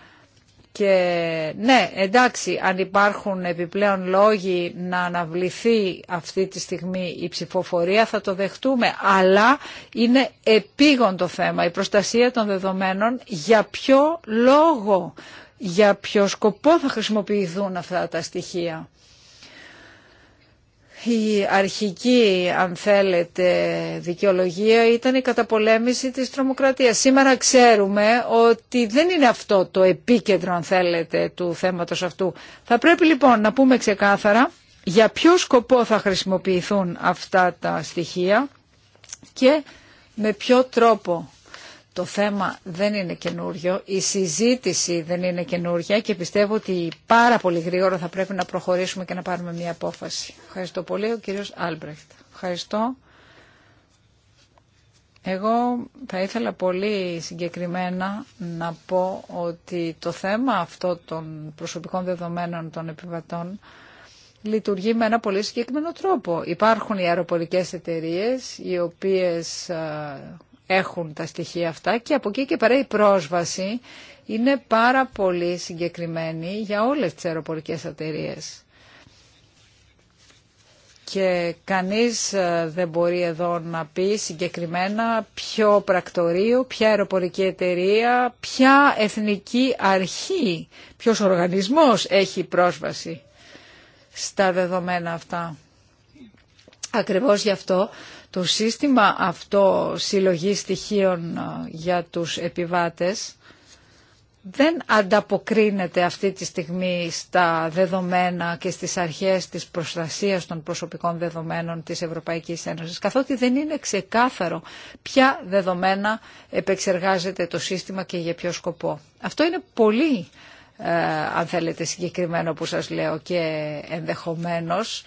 Και ναι, εντάξει, αν υπάρχουν επιπλέον λόγοι να αναβληθεί αυτή τη στιγμή η ψηφοφορία θα το δεχτούμε, αλλά είναι επίγον το θέμα, η προστασία των δεδομένων, για ποιο λόγο, για ποιο σκοπό θα χρησιμοποιηθούν αυτά τα στοιχεία η αρχική, αν θέλετε, δικαιολογία ήταν η καταπολέμηση της τρομοκρατίας. Σήμερα ξέρουμε ότι δεν είναι αυτό το επίκεντρο, αν θέλετε, του θέματος αυτού. Θα πρέπει λοιπόν να πούμε ξεκάθαρα για ποιο σκοπό θα χρησιμοποιηθούν αυτά τα στοιχεία και με ποιο τρόπο το θέμα δεν είναι καινούριο, η συζήτηση δεν είναι καινούρια και πιστεύω ότι πάρα πολύ γρήγορα θα πρέπει να προχωρήσουμε και να πάρουμε μια απόφαση. Ευχαριστώ πολύ ο κύριος Άλμπρεχτ. Ευχαριστώ. Εγώ θα ήθελα πολύ συγκεκριμένα να πω ότι το θέμα αυτό των προσωπικών δεδομένων των επιβατών λειτουργεί με ένα πολύ συγκεκριμένο τρόπο. Υπάρχουν οι αεροπορικές εταιρείες οι οποίες έχουν τα στοιχεία αυτά και από εκεί και πέρα η πρόσβαση είναι πάρα πολύ συγκεκριμένη για όλες τις αεροπορικές εταιρείες. Και κανείς ε, δεν μπορεί εδώ να πει συγκεκριμένα ποιο πρακτορείο, ποια αεροπορική εταιρεία, ποια εθνική αρχή, ποιος οργανισμός έχει πρόσβαση στα δεδομένα αυτά. Ακριβώς γι' αυτό το σύστημα αυτό συλλογή στοιχείων ε, για τους επιβάτες δεν ανταποκρίνεται αυτή τη στιγμή στα δεδομένα και στις αρχές της προστασίας των προσωπικών δεδομένων της Ευρωπαϊκής Ένωσης, καθότι δεν είναι ξεκάθαρο ποια δεδομένα επεξεργάζεται το σύστημα και για ποιο σκοπό. Αυτό είναι πολύ, ε, αν θέλετε, συγκεκριμένο που σας λέω και ενδεχομένως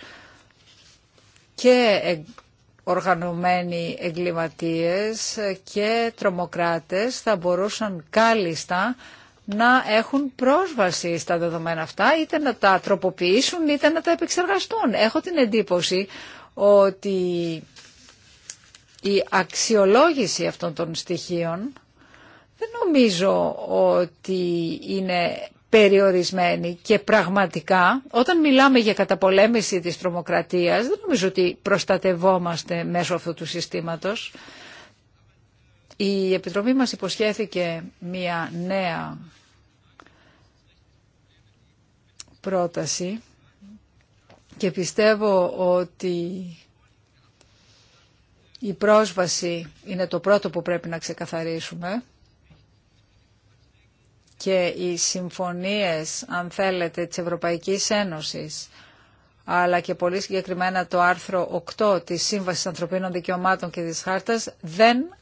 και ε, οργανωμένοι εγκληματίες και τρομοκράτες θα μπορούσαν κάλλιστα να έχουν πρόσβαση στα δεδομένα αυτά, είτε να τα τροποποιήσουν είτε να τα επεξεργαστούν. Έχω την εντύπωση ότι η αξιολόγηση αυτών των στοιχείων δεν νομίζω ότι είναι περιορισμένη και πραγματικά όταν μιλάμε για καταπολέμηση της τρομοκρατίας δεν νομίζω ότι προστατευόμαστε μέσω αυτού του συστήματος. Η Επιτροπή μας υποσχέθηκε μια νέα πρόταση και πιστεύω ότι η πρόσβαση είναι το πρώτο που πρέπει να ξεκαθαρίσουμε και οι συμφωνίες, αν θέλετε, της Ευρωπαϊκής Ένωσης, αλλά και πολύ συγκεκριμένα το άρθρο 8 της Σύμβασης Ανθρωπίνων Δικαιωμάτων και της Χάρτας, δεν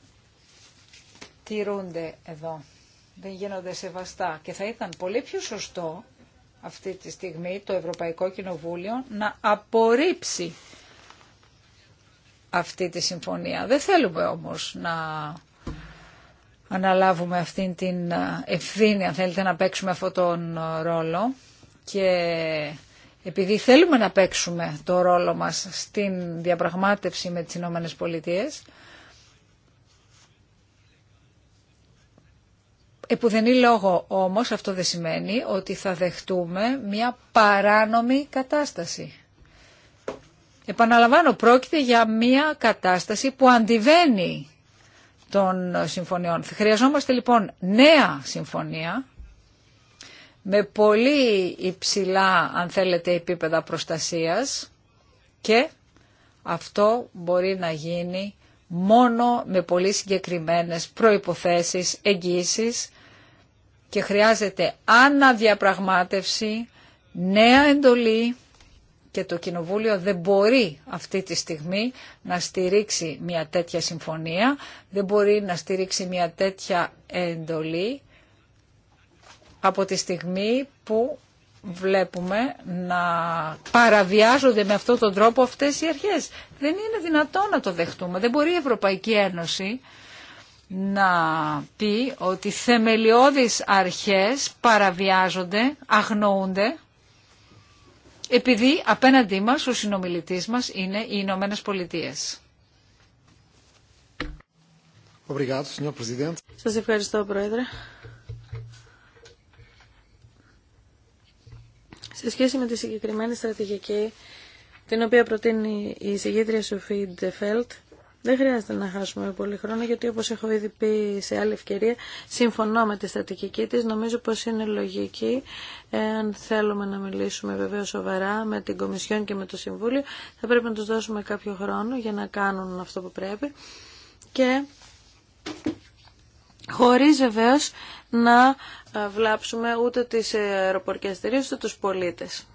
τηρούνται εδώ. Δεν γίνονται σεβαστά. Και θα ήταν πολύ πιο σωστό αυτή τη στιγμή το Ευρωπαϊκό Κοινοβούλιο να απορρίψει αυτή τη συμφωνία. Δεν θέλουμε όμως να αναλάβουμε αυτήν την ευθύνη, αν θέλετε, να παίξουμε αυτόν τον ρόλο και επειδή θέλουμε να παίξουμε το ρόλο μας στην διαπραγμάτευση με τις Ηνωμένες Πολιτείες, Επουδενή λόγο όμως αυτό δεν σημαίνει ότι θα δεχτούμε μια παράνομη κατάσταση. Επαναλαμβάνω, πρόκειται για μια κατάσταση που αντιβαίνει των συμφωνιών. Χρειαζόμαστε λοιπόν νέα συμφωνία με πολύ υψηλά, αν θέλετε, επίπεδα προστασίας και αυτό μπορεί να γίνει μόνο με πολύ συγκεκριμένες προϋποθέσεις, εγγύσεις και χρειάζεται αναδιαπραγμάτευση, νέα εντολή και το Κοινοβούλιο δεν μπορεί αυτή τη στιγμή να στηρίξει μια τέτοια συμφωνία, δεν μπορεί να στηρίξει μια τέτοια εντολή από τη στιγμή που βλέπουμε να παραβιάζονται με αυτόν τον τρόπο αυτές οι αρχές. Δεν είναι δυνατό να το δεχτούμε. Δεν μπορεί η Ευρωπαϊκή Ένωση να πει ότι θεμελιώδεις αρχές παραβιάζονται, αγνοούνται επειδή απέναντί μας ο συνομιλητής μας είναι οι Ηνωμένε Πολιτείε. Σας ευχαριστώ, Πρόεδρε. Σε σχέση με τη συγκεκριμένη στρατηγική, την οποία προτείνει η συγκεκριμένη Σοφή Ντεφέλτ, δεν χρειάζεται να χάσουμε πολύ χρόνο γιατί όπως έχω ήδη πει σε άλλη ευκαιρία συμφωνώ με τη στατικική της. Νομίζω πως είναι λογική αν θέλουμε να μιλήσουμε βεβαίω σοβαρά με την Κομισιόν και με το Συμβούλιο θα πρέπει να τους δώσουμε κάποιο χρόνο για να κάνουν αυτό που πρέπει και χωρίς βεβαίω να ε, βλάψουμε ούτε τις αεροπορικές ούτε τους πολίτες.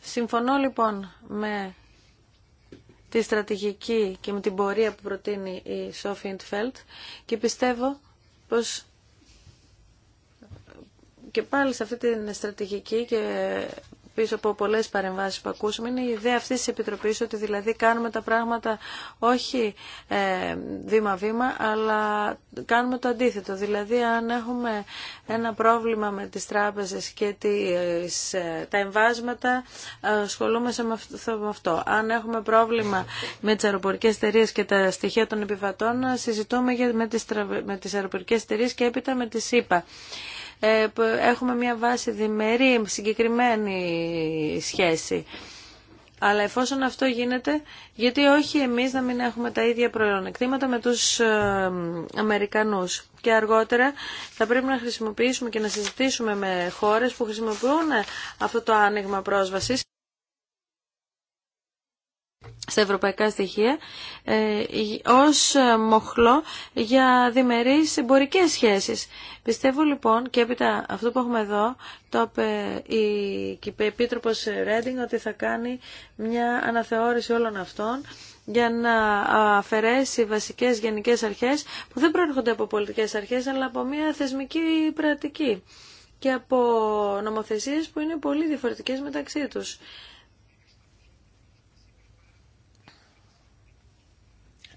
Συμφωνώ λοιπόν με τη στρατηγική και με την πορεία που προτείνει η Σόφι Ιντφέλτ και πιστεύω πως και πάλι σε αυτή τη στρατηγική και πίσω από πολλές παρεμβάσει που ακούσαμε είναι η ιδέα αυτής τη Επιτροπής ότι δηλαδή κάνουμε τα πράγματα όχι ε, βήμα-βήμα αλλά κάνουμε το αντίθετο. Δηλαδή αν έχουμε ένα πρόβλημα με τις τράπεζες και τις, ε, τα εμβάσματα ασχολούμαστε με αυτό. Αν έχουμε πρόβλημα με τις αεροπορικέ εταιρείε και τα στοιχεία των επιβατών συζητούμε με τις, με αεροπορικές εταιρείε και έπειτα με τι ΕΠΑ. Ε, έχουμε μια βάση διμερή, συγκεκριμένη σχέση. Αλλά εφόσον αυτό γίνεται, γιατί όχι εμείς να μην έχουμε τα ίδια προϊόνεκτήματα με τους ε, Αμερικανούς. Και αργότερα θα πρέπει να χρησιμοποιήσουμε και να συζητήσουμε με χώρες που χρησιμοποιούν αυτό το άνοιγμα πρόσβασης στα ευρωπαϊκά στοιχεία ε, ως ε, μοχλό για διμερείς εμπορικές σχέσεις. Πιστεύω λοιπόν και έπειτα αυτό που έχουμε εδώ το είπε η Επίτροπος Ρέντινγκ ότι θα κάνει μια αναθεώρηση όλων αυτών για να αφαιρέσει βασικές γενικές αρχές που δεν προέρχονται από πολιτικές αρχές αλλά από μια θεσμική πρατική και από νομοθεσίες που είναι πολύ διαφορετικές μεταξύ τους.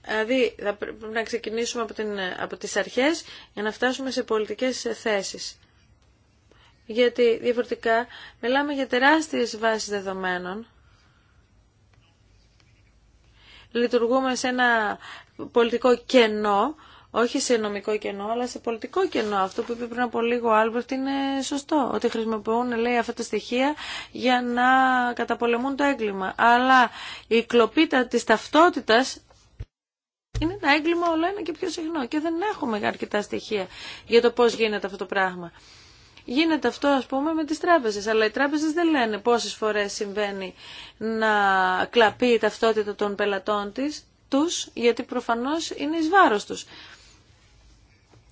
Δηλαδή θα πρέπει να ξεκινήσουμε από, την, από τις αρχές για να φτάσουμε σε πολιτικές θέσεις. Γιατί διαφορετικά μιλάμε για τεράστιες βάσεις δεδομένων. Λειτουργούμε σε ένα πολιτικό κενό, όχι σε νομικό κενό, αλλά σε πολιτικό κενό. Αυτό που είπε πριν από λίγο ο Άλμπερτ είναι σωστό. Ότι χρησιμοποιούν, λέει, αυτά τα στοιχεία για να καταπολεμούν το έγκλημα. Αλλά η κλοπή της ταυτότητας είναι ένα έγκλημα όλο ένα και πιο συχνό και δεν έχουμε αρκετά στοιχεία για το πώς γίνεται αυτό το πράγμα. Γίνεται αυτό ας πούμε με τις τράπεζες, αλλά οι τράπεζες δεν λένε πόσες φορές συμβαίνει να κλαπεί η ταυτότητα των πελατών της, τους, γιατί προφανώς είναι εις βάρος τους.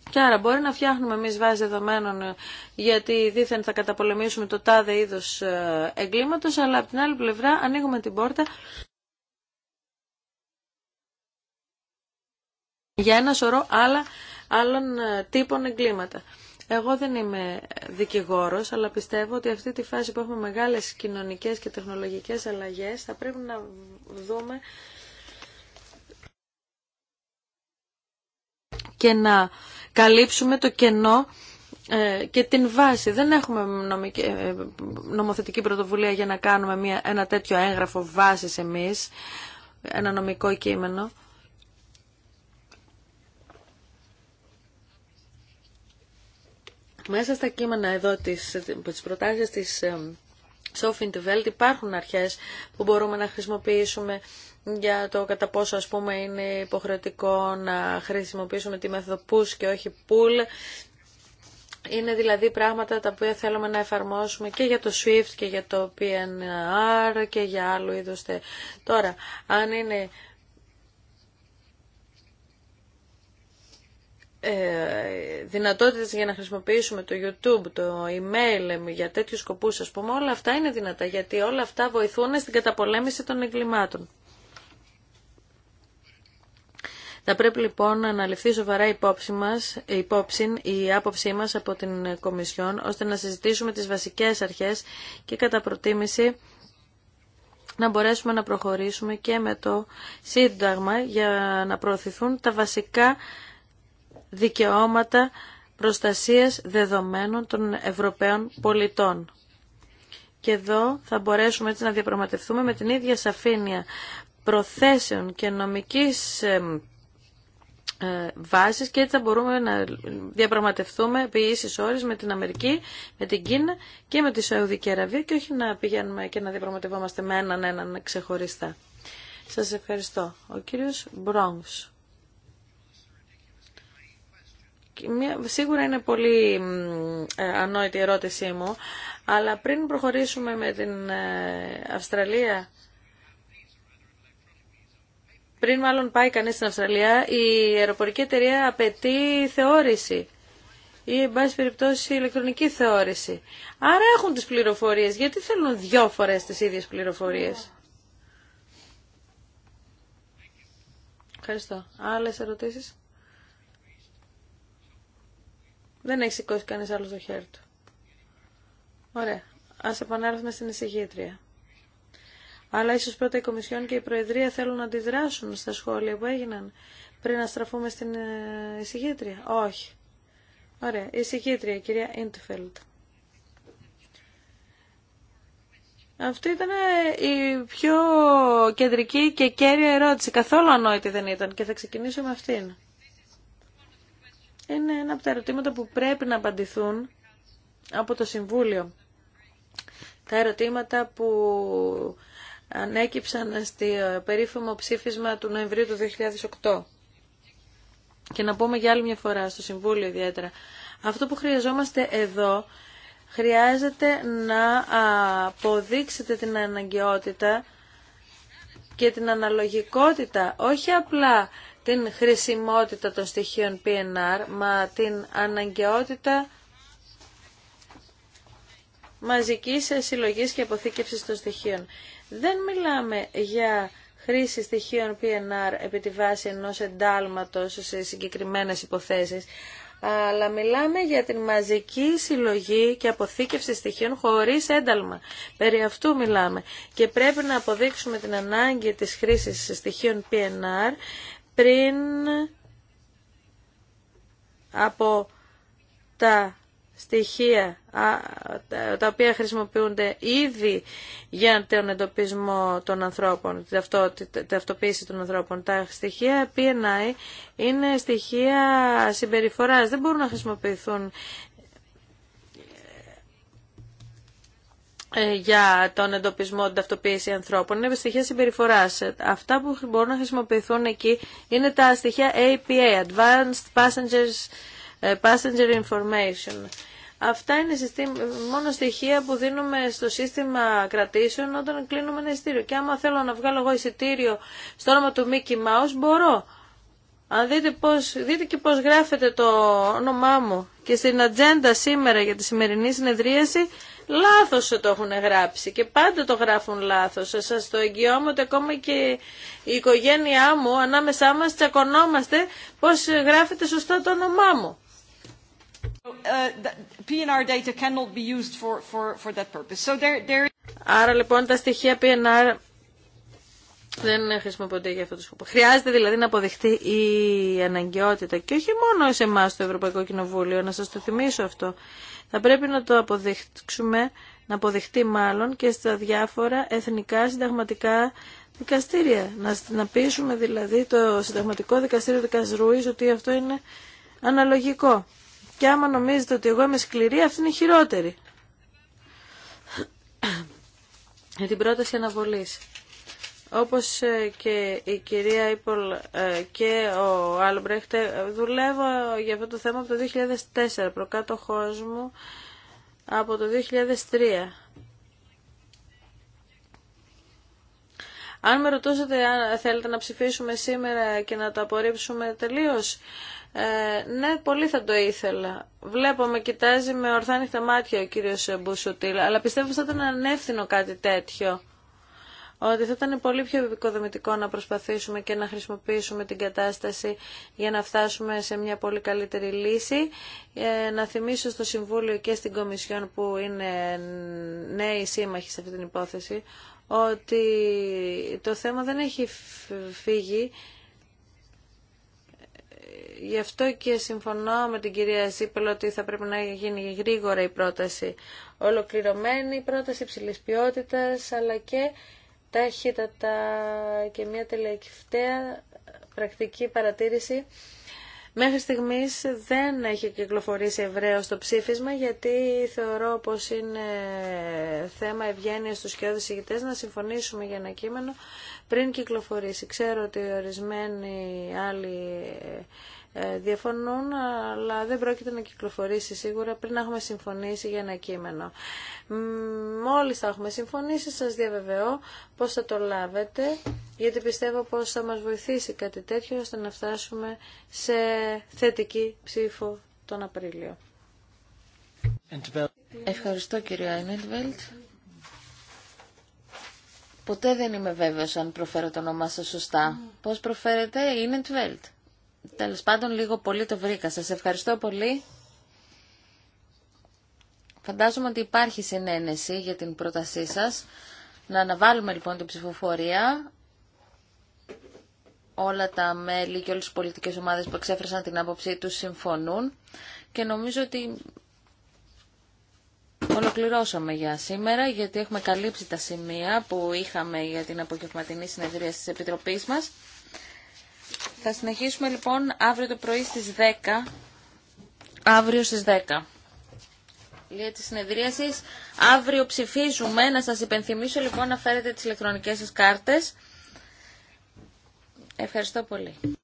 Και άρα μπορεί να φτιάχνουμε εμεί βάσει δεδομένων γιατί δήθεν θα καταπολεμήσουμε το τάδε είδος ε, εγκλήματος, αλλά από την άλλη πλευρά ανοίγουμε την πόρτα για ένα σωρό άλλα, άλλων ε, τύπων εγκλήματα. Εγώ δεν είμαι δικηγόρος, αλλά πιστεύω ότι αυτή τη φάση που έχουμε μεγάλες κοινωνικές και τεχνολογικές αλλαγές θα πρέπει να δούμε και να καλύψουμε το κενό ε, και την βάση. Δεν έχουμε ε, νομοθετική πρωτοβουλία για να κάνουμε ένα τέτοιο έγγραφο βάσης εμείς, ένα νομικό κείμενο. Μέσα στα κείμενα εδώ της, της προτάσεις της ε, Sophie υπάρχουν αρχές που μπορούμε να χρησιμοποιήσουμε για το κατά πόσο ας πούμε είναι υποχρεωτικό να χρησιμοποιήσουμε τη μέθοδο push και όχι pull. Είναι δηλαδή πράγματα τα οποία θέλουμε να εφαρμόσουμε και για το SWIFT και για το PNR και για άλλου είδους. Τώρα, αν είναι Ε, δυνατότητες για να χρησιμοποιήσουμε το YouTube, το email για τέτοιους σκοπούς ας πούμε, όλα αυτά είναι δυνατά γιατί όλα αυτά βοηθούν στην καταπολέμηση των εγκλημάτων. Θα πρέπει λοιπόν να αναλυφθεί σοβαρά υπόψη μας, υπόψη, η άποψή μας από την Κομισιόν, ώστε να συζητήσουμε τις βασικές αρχές και κατά προτίμηση να μπορέσουμε να προχωρήσουμε και με το Σύνταγμα για να προωθηθούν τα βασικά δικαιώματα προστασίας δεδομένων των Ευρωπαίων πολιτών. Και εδώ θα μπορέσουμε έτσι να διαπραγματευτούμε με την ίδια σαφήνεια προθέσεων και νομικής ε, βάσης και έτσι θα μπορούμε να διαπραγματευτούμε επί ίσης με την Αμερική, με την Κίνα και με τη Σαουδική Αραβία και όχι να πηγαίνουμε και να διαπραγματευόμαστε με έναν έναν ξεχωριστά. Σας ευχαριστώ. Ο κύριος Μπρόγκς. Σίγουρα είναι πολύ ε, ανόητη η ερώτησή μου, αλλά πριν προχωρήσουμε με την ε, Αυστραλία, πριν μάλλον πάει κανείς στην Αυστραλία, η αεροπορική εταιρεία απαιτεί θεώρηση ή εν πάση περιπτώσει ηλεκτρονική θεώρηση. Άρα έχουν τις πληροφορίες. Γιατί θέλουν δυο φορές τις ίδιες πληροφορίες. Ευχαριστώ. Άλλες ερωτήσεις. Δεν έχει σηκώσει κανείς άλλος το χέρι του. Ωραία. Ας επανέλθουμε στην εισηγήτρια. Αλλά ίσως πρώτα η Κομισιόν και η Προεδρία θέλουν να αντιδράσουν στα σχόλια που έγιναν πριν να στραφούμε στην ε, εισηγήτρια. Όχι. Ωραία. Η εισηγήτρια, κυρία Ιντφελτ. Αυτή ήταν ε, η πιο κεντρική και κέρια ερώτηση. Καθόλου ανόητη δεν ήταν και θα ξεκινήσω με αυτήν είναι ένα από τα ερωτήματα που πρέπει να απαντηθούν από το Συμβούλιο. Τα ερωτήματα που ανέκυψαν στο ε, περίφημο ψήφισμα του Νοεμβρίου του 2008. Και να πούμε για άλλη μια φορά, στο Συμβούλιο ιδιαίτερα, αυτό που χρειαζόμαστε εδώ χρειάζεται να αποδείξετε την αναγκαιότητα και την αναλογικότητα όχι απλά την χρησιμότητα των στοιχείων PNR, μα την αναγκαιότητα μαζικής συλλογής και αποθήκευσης των στοιχείων. Δεν μιλάμε για χρήση στοιχείων PNR επί τη βάση ενός εντάλματος σε συγκεκριμένες υποθέσεις, αλλά μιλάμε για την μαζική συλλογή και αποθήκευση στοιχείων χωρίς ένταλμα. Περί αυτού μιλάμε. Και πρέπει να αποδείξουμε την ανάγκη της χρήσης στοιχείων PNR πριν από τα στοιχεία τα οποία χρησιμοποιούνται ήδη για τον εντοπισμό των ανθρώπων, την ταυτοποίηση των ανθρώπων. Τα στοιχεία PNI είναι στοιχεία συμπεριφοράς, δεν μπορούν να χρησιμοποιηθούν Ε, για τον εντοπισμό, την ταυτοποίηση ανθρώπων είναι στοιχεία συμπεριφορά. Ε, αυτά που μπορούν να χρησιμοποιηθούν εκεί είναι τα στοιχεία APA, Advanced Passengers, ε, Passenger Information. Αυτά είναι μόνο στοιχεία που δίνουμε στο σύστημα κρατήσεων όταν κλείνουμε ένα εισιτήριο. Και άμα θέλω να βγάλω εγώ εισιτήριο στο όνομα του Mickey Mouse, μπορώ. Αν δείτε, πώς, δείτε και πώς γράφεται το όνομά μου και στην ατζέντα σήμερα για τη σημερινή συνεδρίαση, λάθος το έχουν γράψει και πάντα το γράφουν λάθος. Σας το εγγυώμαι ότι ακόμα και η οικογένειά μου ανάμεσά μας τσακωνόμαστε πώς γράφεται σωστά το όνομά μου. Άρα λοιπόν τα στοιχεία PNR δεν χρησιμοποιούνται για αυτό το σκοπό. Χρειάζεται δηλαδή να αποδειχτεί η αναγκαιότητα και όχι μόνο σε εμά το Ευρωπαϊκό Κοινοβούλιο, να σας το θυμίσω αυτό. Θα πρέπει να το αποδείξουμε, να αποδειχτεί μάλλον και στα διάφορα εθνικά συνταγματικά δικαστήρια. Να, να πείσουμε δηλαδή το συνταγματικό δικαστήριο δικαστρούης ότι αυτό είναι αναλογικό. Και άμα νομίζετε ότι εγώ είμαι σκληρή, αυτή είναι χειρότερη. Για την πρόταση αναβολής. Όπως ε, και η κυρία Ήπολ ε, και ο Άλμπρεχτ, ε, δουλεύω για αυτό το θέμα από το 2004, προκάτοχός μου από το 2003. Αν με ρωτούσατε αν θέλετε να ψηφίσουμε σήμερα και να το απορρίψουμε τελείως, ε, ναι, πολύ θα το ήθελα. Βλέπω, με κοιτάζει με ορθάνυχτα μάτια ο κύριος Μπουσουτήλ, αλλά πιστεύω ότι θα ήταν ανεύθυνο κάτι τέτοιο ότι θα ήταν πολύ πιο επικοδομητικό να προσπαθήσουμε και να χρησιμοποιήσουμε την κατάσταση για να φτάσουμε σε μια πολύ καλύτερη λύση. Ε, να θυμίσω στο Συμβούλιο και στην Κομισιόν που είναι νέοι σύμμαχοι σε αυτή την υπόθεση ότι το θέμα δεν έχει φύγει. Γι' αυτό και συμφωνώ με την κυρία Ζήπελ ότι θα πρέπει να γίνει γρήγορα η πρόταση. Ολοκληρωμένη, η πρόταση υψηλής ποιότητας, αλλά και ταχύτατα και μια τελεκυφταία πρακτική παρατήρηση. Μέχρι στιγμής δεν έχει κυκλοφορήσει ευρέως το ψήφισμα γιατί θεωρώ πως είναι θέμα ευγένεια στους και ηγητές να συμφωνήσουμε για ένα κείμενο πριν κυκλοφορήσει. Ξέρω ότι ορισμένοι άλλοι ε, διαφωνούν, αλλά δεν πρόκειται να κυκλοφορήσει σίγουρα πριν να έχουμε συμφωνήσει για ένα κείμενο. Μόλις θα έχουμε συμφωνήσει, σας διαβεβαιώ πώς θα το λάβετε, γιατί πιστεύω πως θα μας βοηθήσει κάτι τέτοιο ώστε να φτάσουμε σε θετική ψήφο τον Απρίλιο. Ευχαριστώ κυρία Άινελβελτ. Ποτέ δεν είμαι βέβαιος αν προφέρω το όνομά σας σωστά. Mm. Πώς προφέρετε, είναι Τέλος πάντων λίγο πολύ το βρήκα. Σας ευχαριστώ πολύ. Φαντάζομαι ότι υπάρχει συνένεση για την πρότασή σας. Να αναβάλουμε λοιπόν την ψηφοφορία. Όλα τα μέλη και όλες τις πολιτικές ομάδες που εξέφρασαν την άποψή τους συμφωνούν και νομίζω ότι Ολοκληρώσαμε για σήμερα γιατί έχουμε καλύψει τα σημεία που είχαμε για την απογευματινή συνεδρία της Επιτροπής μας. Θα συνεχίσουμε λοιπόν αύριο το πρωί στις 10. Αύριο στις 10. Για τη συνεδρίαση αύριο ψηφίζουμε. Να σας υπενθυμίσω λοιπόν να φέρετε τις ηλεκτρονικές σας κάρτες. Ευχαριστώ πολύ.